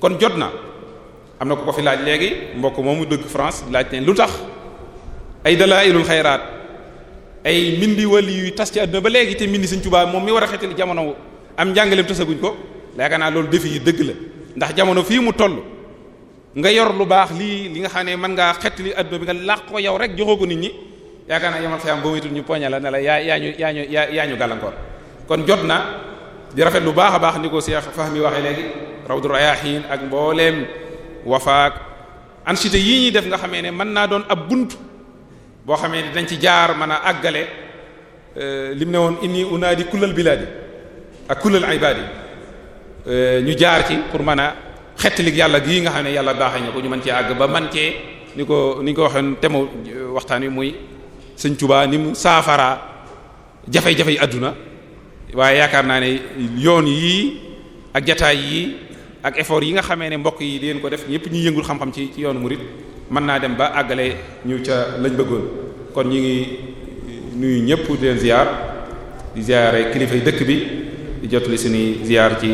kon jot na am na ko ko fi laaj léegi mbokk mu dëgg France laaj ne lu tax ay dalailul xayraat ay mbindi wali yuy tas ci àdduna ba léegi te mindi Sëriñ Tuubaa moom mi war a xetal jamono am njàngaleem tasaguñ ko yaakaar naa loolu defi yi dëgg la ndax jamono fii mu toll nga yor lu baax lii li nga xam ne mën ngaa xettali àdduna bi nga làq ko yow rek joxoo ko nit ñi yaakaar naa yamal xiyam boo moytul ñu poña la ne la yaa yaa ñu yaa ñu yaa kon jot na di rafet lu baax a baax ni ko Cheikh Fahmi waxee léegi rawdu rayahin ak mbooleem wafaak anchité yii ñuy def nga xamee ne mën naa doon ab bunt boo xamee ne dañ ci jaar mën a àggale euh, lim ne woon inni unaadi kullal bilaadi ak kullal ibaadi euh, ñu jaar ci pour mën a xettalik yàlla gii nga xam ne yàlla baaxee na ko ñu mën cee àgg ba man cee ni ko ni ñu ko waxee temu euh, waxtaan wi muy sëñ Tuubaa ni mu saafaraa jafe-jafe yi àdduna waaye yaakaar naa ne yoon yii ak jataay yii ak effort yi nga xamee ne mbokk yi di leen ko def ñépp ñuy yëngul xam-xam ci ci yoonu murid mën naa dem ba àggale ñu ca lañ bëggoon kon ñu ngi nuyu ñëpp di leen ziar di ziare kilifa yi dëkk bi di jotali suñuy ziar ci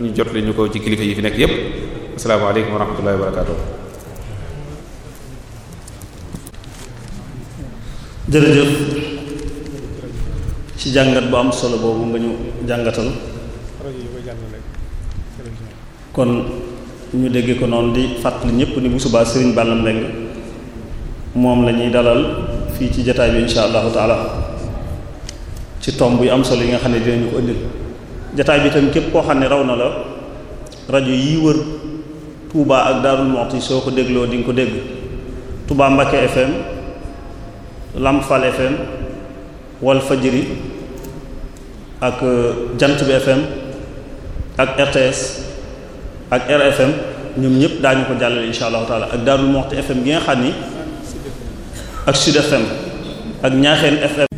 ñu jotali ñu ko ci kilifa yi fi nekk yëpp asalaamaaleykum wa rahmatullahi wa barakatuh jërëjëf ci jàngat bu am solo boobu nga ñu jàngatal kon ñu déggee ko noonu di fàttali ñëpp ni bu subaa Serigne Balla Mbengue moom la ñuy dalal fii ci jataay bi insha allahu taala ci tomb yu am solo yi nga xam ne dinañu ko jataay bi tamit képp koo xam ne raw na la rajo yi wër Touba ak Darou Moukhty soo ko dégloo di ko dégg Touba Mbacké FM Lamp Fall FM Walf Fadjri ak euh, Jant bi FM ak RTS ak RFM ñoom daa ñu ko jàllale insha allahu taala ak Darou moo FM gi nga xam ni ak Sud ak Ñaaxeen FM